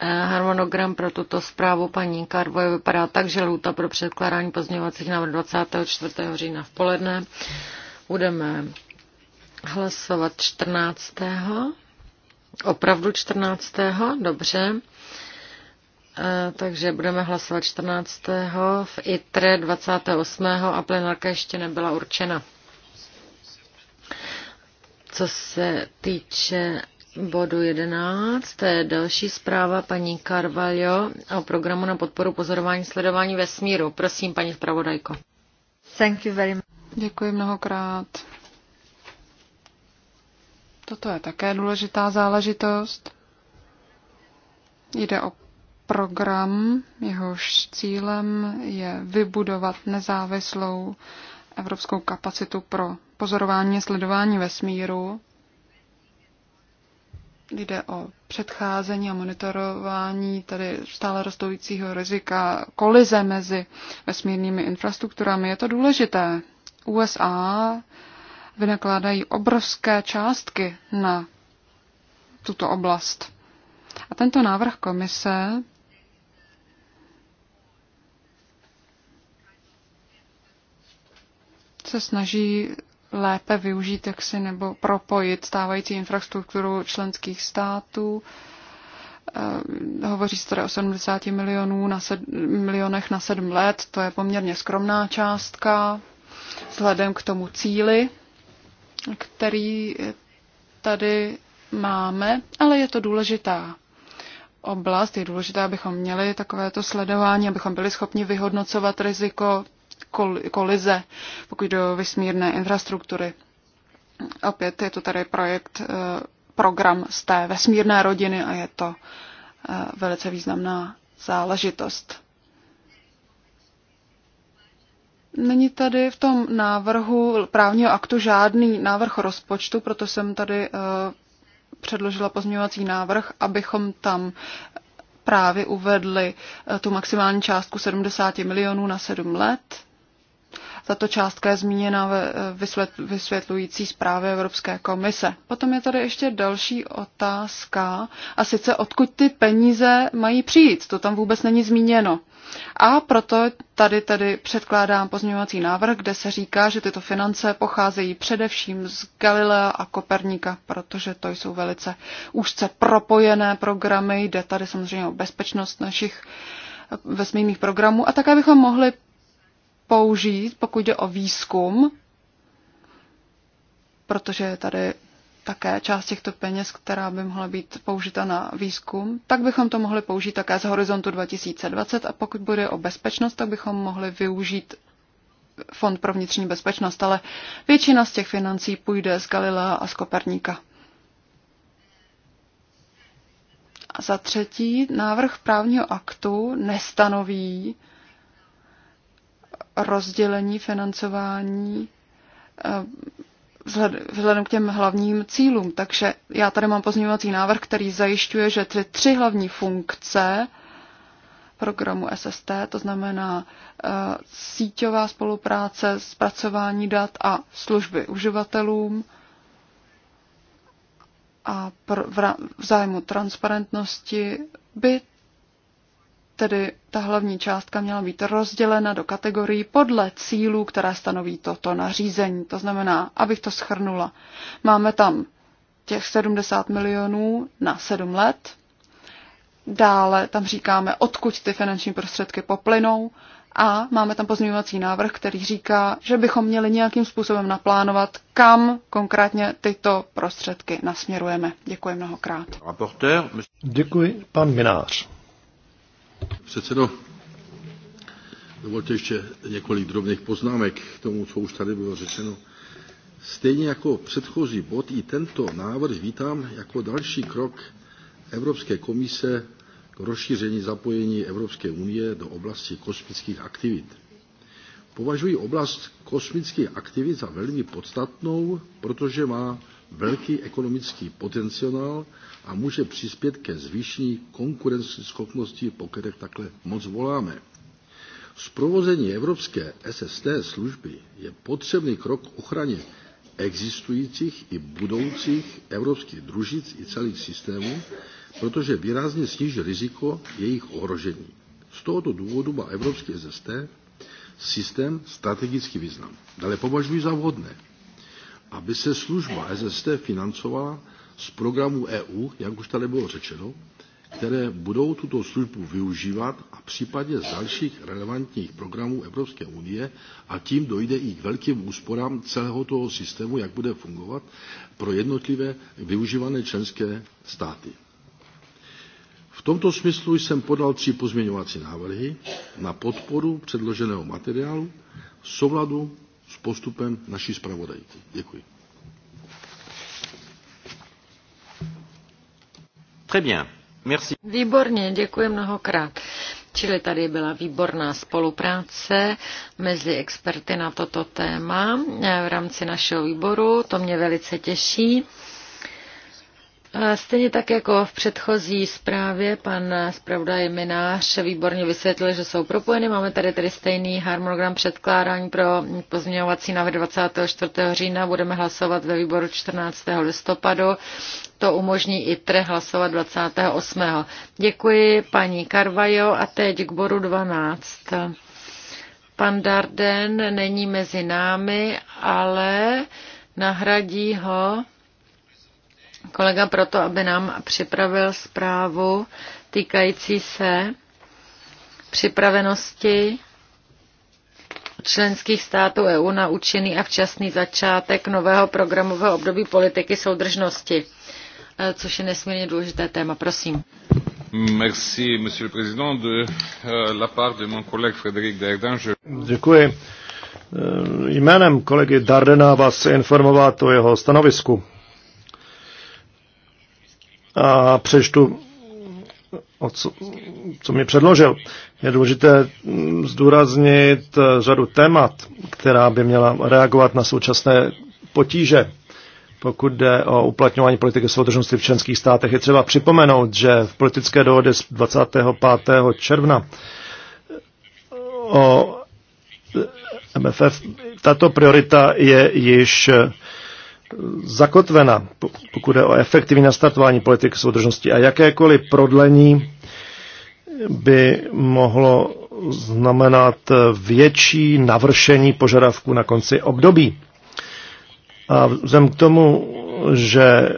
eh, harmonogram pro tuto zprávu paní Karvoje vypadá tak, že lůta pro předkládání pozměňovacích návrhů 24. října v poledne. Budeme hlasovat 14. Opravdu 14. Dobře. E, takže budeme hlasovat 14. v ITRE 28. a plenárka ještě nebyla určena. Co se týče bodu 11, to je další zpráva paní Carvalho o programu na podporu pozorování sledování vesmíru. Prosím, paní zpravodajko. Thank you very much. Děkuji mnohokrát. Toto je také důležitá záležitost. Jde o program, jehož cílem je vybudovat nezávislou evropskou kapacitu pro pozorování a sledování vesmíru. Jde o předcházení a monitorování tady stále rostoucího rizika kolize mezi vesmírnými infrastrukturami. Je to důležité. USA vynakládají obrovské částky na tuto oblast. A tento návrh komise se snaží lépe využít jaksi nebo propojit stávající infrastrukturu členských států. Eh, hovoří se tady o 70 milionů na sed, milionech na 7 let, to je poměrně skromná částka vzhledem k tomu cíli, který tady máme, ale je to důležitá oblast. Je důležité, abychom měli takovéto sledování, abychom byli schopni vyhodnocovat riziko kolize, pokud do vesmírné infrastruktury. Opět je to tady projekt, eh, program z té vesmírné rodiny a je to eh, velice významná záležitost. Není tady v tom návrhu právního aktu žádný návrh rozpočtu, proto jsem tady eh, předložila pozměňovací návrh, abychom tam právě uvedli eh, tu maximální částku 70 milionů na 7 let tato částka je zmíněna ve vysvětlující zprávě Evropské komise. Potom je tady ještě další otázka, a sice odkud ty peníze mají přijít. To tam vůbec není zmíněno. A proto tady tady předkládám pozměňovací návrh, kde se říká, že tyto finance pocházejí především z Galilea a Koperníka, protože to jsou velice úzce propojené programy. Jde tady samozřejmě o bezpečnost našich vesmírných programů a také bychom mohli použít, pokud jde o výzkum, protože je tady také část těchto peněz, která by mohla být použita na výzkum, tak bychom to mohli použít také z horizontu 2020 a pokud bude o bezpečnost, tak bychom mohli využít Fond pro vnitřní bezpečnost, ale většina z těch financí půjde z Galilea a z Koperníka. A za třetí, návrh právního aktu nestanoví rozdělení financování eh, vzhledem k těm hlavním cílům. Takže já tady mám pozměňovací návrh, který zajišťuje, že ty tři hlavní funkce programu SST, to znamená uh, síťová spolupráce, zpracování dat a služby uživatelům a v zájmu transparentnosti by tedy ta hlavní částka měla být rozdělena do kategorií podle cílů, které stanoví toto nařízení. To znamená, abych to schrnula, máme tam těch 70 milionů na 7 let, dále tam říkáme, odkud ty finanční prostředky poplynou a máme tam pozměňovací návrh, který říká, že bychom měli nějakým způsobem naplánovat, kam konkrétně tyto prostředky nasměrujeme. Děkuji mnohokrát. Děkuji, pan Minář předsedo. Dovolte ještě několik drobných poznámek k tomu, co už tady bylo řečeno. Stejně jako předchozí bod, i tento návrh vítám jako další krok Evropské komise k rozšíření zapojení Evropské unie do oblasti kosmických aktivit. Považuji oblast kosmických aktivit za velmi podstatnou, protože má velký ekonomický potenciál a může přispět ke zvýšení konkurenceschopnosti, po kterých takhle moc voláme. provození evropské SST služby je potřebný krok k ochraně existujících i budoucích evropských družic i celých systémů, protože výrazně sníží riziko jejich ohrožení. Z tohoto důvodu má evropský SST systém strategický význam. Dále považuji za vhodné, aby se služba SST financovala z programů EU, jak už tady bylo řečeno, které budou tuto službu využívat a případně z dalších relevantních programů Evropské unie a tím dojde i k velkým úsporám celého toho systému, jak bude fungovat pro jednotlivé využívané členské státy. V tomto smyslu jsem podal tři pozměňovací návrhy na podporu předloženého materiálu v souladu s postupem naší zpravodajky. Děkuji. Très bien. Merci. Výborně, děkuji mnohokrát. Čili tady byla výborná spolupráce mezi experty na toto téma v rámci našeho výboru. To mě velice těší stejně tak jako v předchozí zprávě, pan zpravodaj Minář výborně vysvětlil, že jsou propojeny. Máme tady tedy stejný harmonogram předkládání pro pozměňovací návrh 24. října. Budeme hlasovat ve výboru 14. listopadu. To umožní i TRE hlasovat 28. Děkuji paní Karvajo a teď k bodu 12. Pan Darden není mezi námi, ale nahradí ho kolega proto, aby nám připravil zprávu týkající se připravenosti členských států EU na účinný a včasný začátek nového programového období politiky soudržnosti, eh, což je nesmírně důležité téma. Prosím. Merci, monsieur le président. De euh, la part de mon collègue Frédéric Dardin, je... Děkuji. Eh, jménem kolegy Dardena vás informovat o jeho stanovisku a přečtu, o co, co mi předložil. Je důležité mm, zdůraznit eh, řadu témat, která by měla reagovat na současné potíže. Pokud jde o uplatňování politiky soudržnosti v členských státech, je třeba připomenout, že v politické dohodě z 25. června eh, o eh, MFF tato priorita je již zakotvena, pokud je o efektivní nastartování politiky soudržnosti a jakékoliv prodlení by mohlo znamenat větší navršení požadavků na konci období. A vzhledem k tomu, že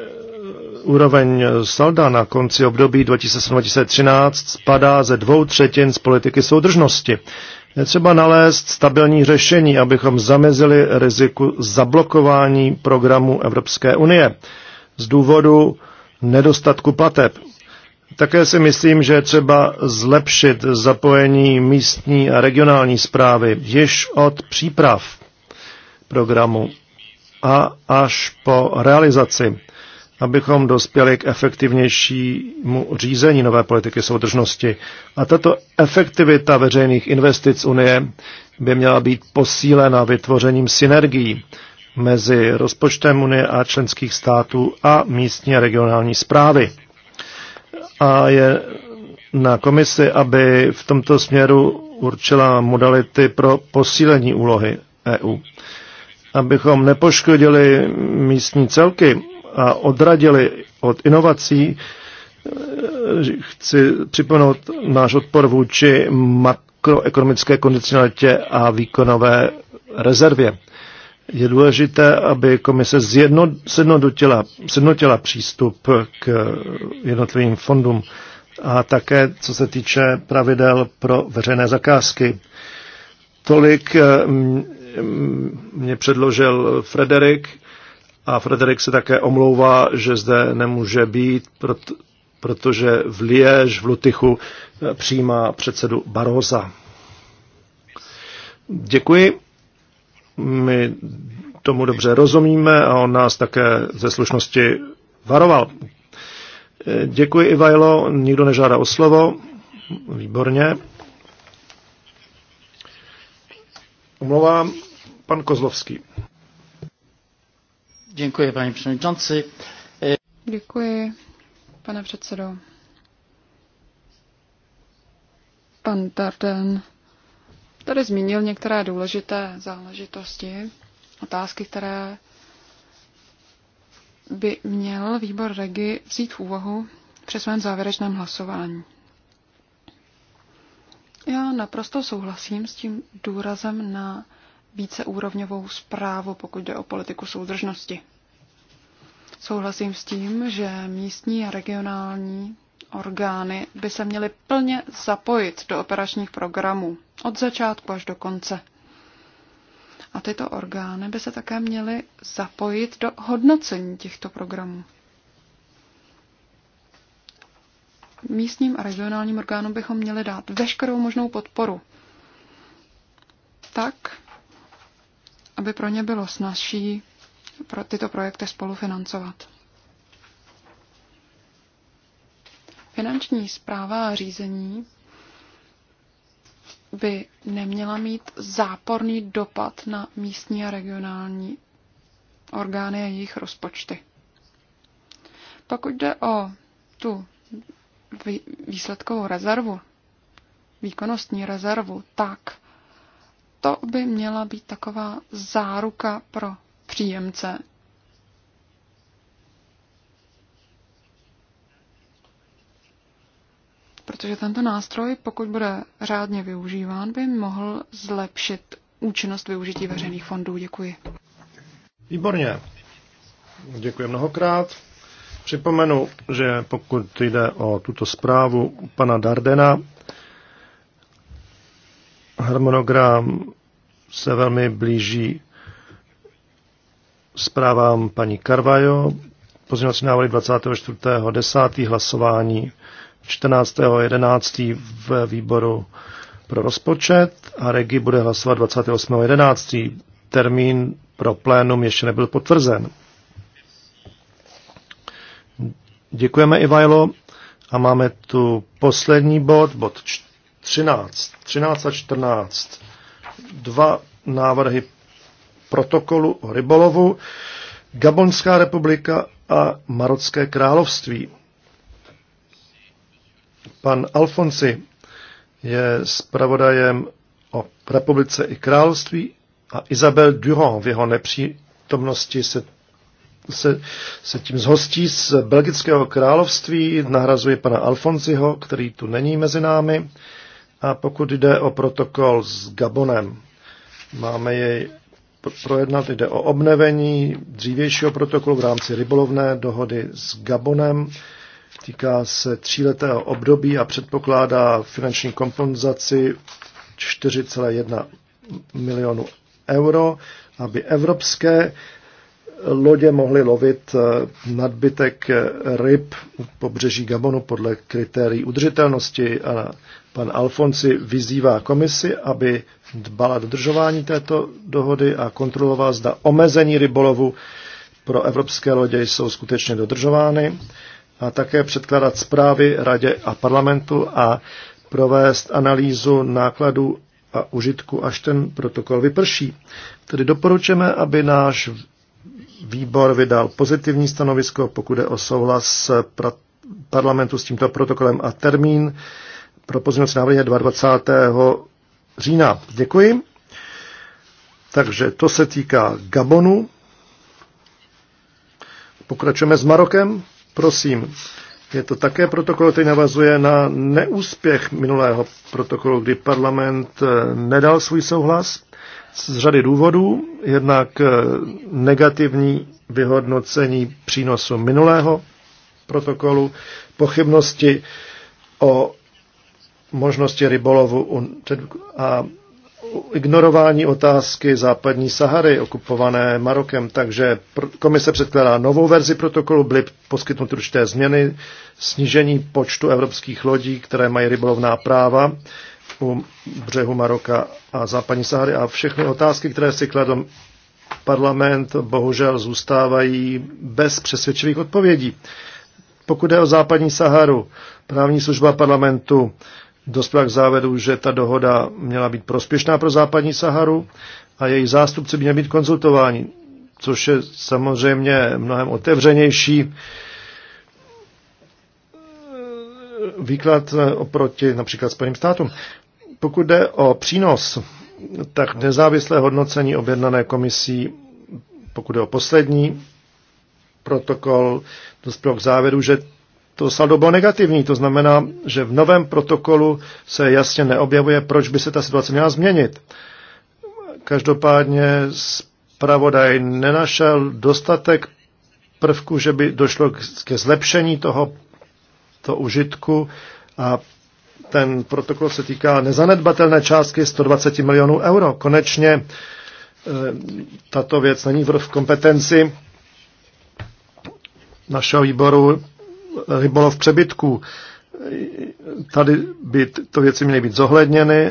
úroveň salda na konci období 2007-2013 spadá ze dvou třetin z politiky soudržnosti. Je třeba nalézt stabilní řešení, abychom zamezili riziku zablokování programu Evropské unie z důvodu nedostatku plateb. Také si myslím, že je třeba zlepšit zapojení místní a regionální zprávy již od příprav programu a až po realizaci abychom dospěli k efektivnějšímu řízení nové politiky soudržnosti. A tato efektivita veřejných investic Unie by měla být posílena vytvořením synergií mezi rozpočtem Unie a členských států a místní a regionální zprávy. A je na komisi, aby v tomto směru určila modality pro posílení úlohy EU. Abychom nepoškodili místní celky, a odradili od inovací, chci připomenout náš odpor vůči makroekonomické kondicionalitě a výkonové rezervě. Je důležité, aby komise zjedno, sjednotila přístup k jednotlivým fondům a také co se týče pravidel pro veřejné zakázky. Tolik eh, mě předložil Frederik a Frederik se také omlouvá, že zde nemůže být, protože v Liež, v Lutychu eh, přijímá předsedu Baroza. Děkuji. My tomu dobře rozumíme a on nás také ze slušnosti varoval. Eh, děkuji, Ivajlo. Nikdo nežádá o slovo. Výborně. Omlouvám, pan Kozlovský. Děkuji, paní předsedající. Děkuji, pane předsedo. Pan Tarden tady zmínil některé důležité záležitosti, otázky, které by měl výbor Regi vzít v úvahu při svém závěrečném hlasování. Já naprosto souhlasím s tím důrazem na víceúrovňovou zprávu, pokud jde o politiku soudržnosti. Souhlasím s tím, že místní a regionální orgány by se měly plně zapojit do operačních programů od začátku až do konce. A tyto orgány by se také měly zapojit do hodnocení těchto programů. Místním a regionálním orgánům bychom měli dát veškerou možnou podporu. Tak, aby pro ně bylo snažší pro tyto projekty spolufinancovat. Finanční zpráva a řízení by neměla mít záporný dopad na místní a regionální orgány a jejich rozpočty. Pokud jde o tu výsledkovou rezervu, výkonnostní rezervu, tak to by měla být taková záruka pro příjemce. Protože tento nástroj, pokud bude řádně využíván, by mohl zlepšit účinnost využití veřejných fondů. Děkuji. Výborně. Děkuji mnohokrát. Připomenu, že pokud jde o tuto zprávu pana Dardena, Harmonogram se velmi blíží zprávám paní Carvajo. Pozměňovací návrhy 24.10. hlasování 14.11. v výboru pro rozpočet a Regi bude hlasovat 28.11. Termín pro plénum ještě nebyl potvrzen. Děkujeme, Ivajlo. A máme tu poslední bod, bod 4 13, 13 a 14. Dva návrhy protokolu o rybolovu, Gabonská republika a Marocké království. Pan Alfonsi je zpravodajem o republice i království a Isabel Durand v jeho nepřítomnosti se, se, se tím zhostí z Belgického království, nahrazuje pana Alfonsiho, který tu není mezi námi. A pokud jde o protokol s Gabonem, máme jej projednat, jde o obnevení dřívějšího protokolu v rámci rybolovné dohody s Gabonem. Týká se tříletého období a předpokládá finanční kompenzaci 4,1 milionu euro, aby evropské lodě mohly lovit eh, nadbytek eh, ryb u pobřeží Gabonu podle kritérií udržitelnosti a Pan Alfonsi vyzývá komisi, aby dbala dodržování této dohody a kontrolovala, zda omezení rybolovu pro evropské lodě jsou skutečně dodržovány a také předkládat zprávy radě a parlamentu a provést analýzu nákladů a užitku, až ten protokol vyprší. Tedy doporučujeme, aby náš výbor vydal pozitivní stanovisko, pokud je o souhlas parlamentu s tímto protokolem a termín pro pozměnovací návrhy je 22. října. Děkuji. Takže to se týká Gabonu. Pokračujeme s Marokem. Prosím, je to také protokol, který navazuje na neúspěch minulého protokolu, kdy parlament eh, nedal svůj souhlas z řady důvodů. Jednak eh, negativní vyhodnocení přínosu minulého protokolu, pochybnosti o možnosti rybolovu a ignorování otázky západní Sahary, okupované Marokem. Takže komise předkládá novou verzi protokolu, byly poskytnuty určité změny, snížení počtu evropských lodí, které mají rybolovná práva u břehu Maroka a západní Sahary a všechny otázky, které si kladl parlament, bohužel zůstávají bez přesvědčivých odpovědí. Pokud je o západní Saharu, právní služba parlamentu Dospěl k závěru, že ta dohoda měla být prospěšná pro západní Saharu a její zástupci měli být konzultováni, což je samozřejmě mnohem otevřenější výklad eh, oproti například Spojeným státům. Pokud jde o přínos, tak nezávislé hodnocení objednané komisí, pokud jde o poslední protokol, dospěl k závěru, že to saldo bylo negativní. To znamená, že v novém protokolu se jasně neobjevuje, proč by se ta situace měla změnit. Každopádně zpravodaj nenašel dostatek prvku, že by došlo ke zlepšení toho to užitku a ten protokol se týká nezanedbatelné částky 120 milionů euro. Konečně eh, tato věc není v kompetenci našeho výboru, rybolov přebytků. Tady by to věci měly být zohledněny,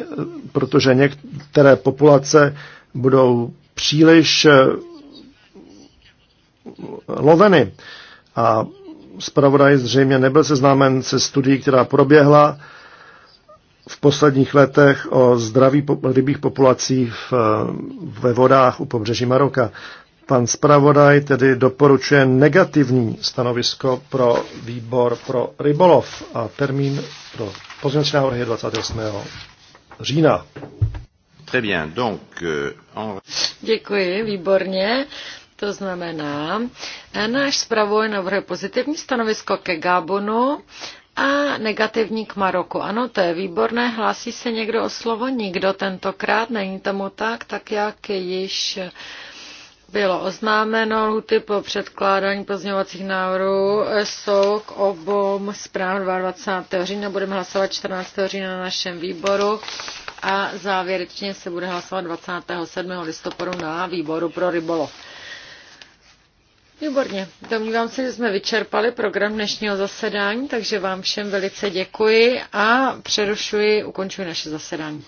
protože některé populace budou příliš eh, loveny. A zpravodaj zřejmě nebyl seznámen se studií, která proběhla v posledních letech o zdraví rybích populací v, eh, ve vodách u pobřeží Maroka. Pan zpravodaj tedy doporučuje negativní stanovisko pro výbor pro rybolov a termín pro pozměnčné návrhy je 28. října. Très bien, donc, euh, Děkuji, výborně. To znamená, náš zpravodaj navrhuje pozitivní stanovisko ke Gabonu a negativní k Maroku. Ano, to je výborné. Hlásí se někdo o slovo? Nikdo tentokrát. Není tomu tak, tak jak již bylo oznámeno, lhuty po předkládání pozměňovacích návrhů jsou k obom zpráv 22. října. Budeme hlasovat 14. října na našem výboru a závěrečně se bude hlasovat 27. listopadu na výboru pro rybolov. Výborně. Domnívám se, že jsme vyčerpali program dnešního zasedání, takže vám všem velice děkuji a přerušuji, ukončuji naše zasedání.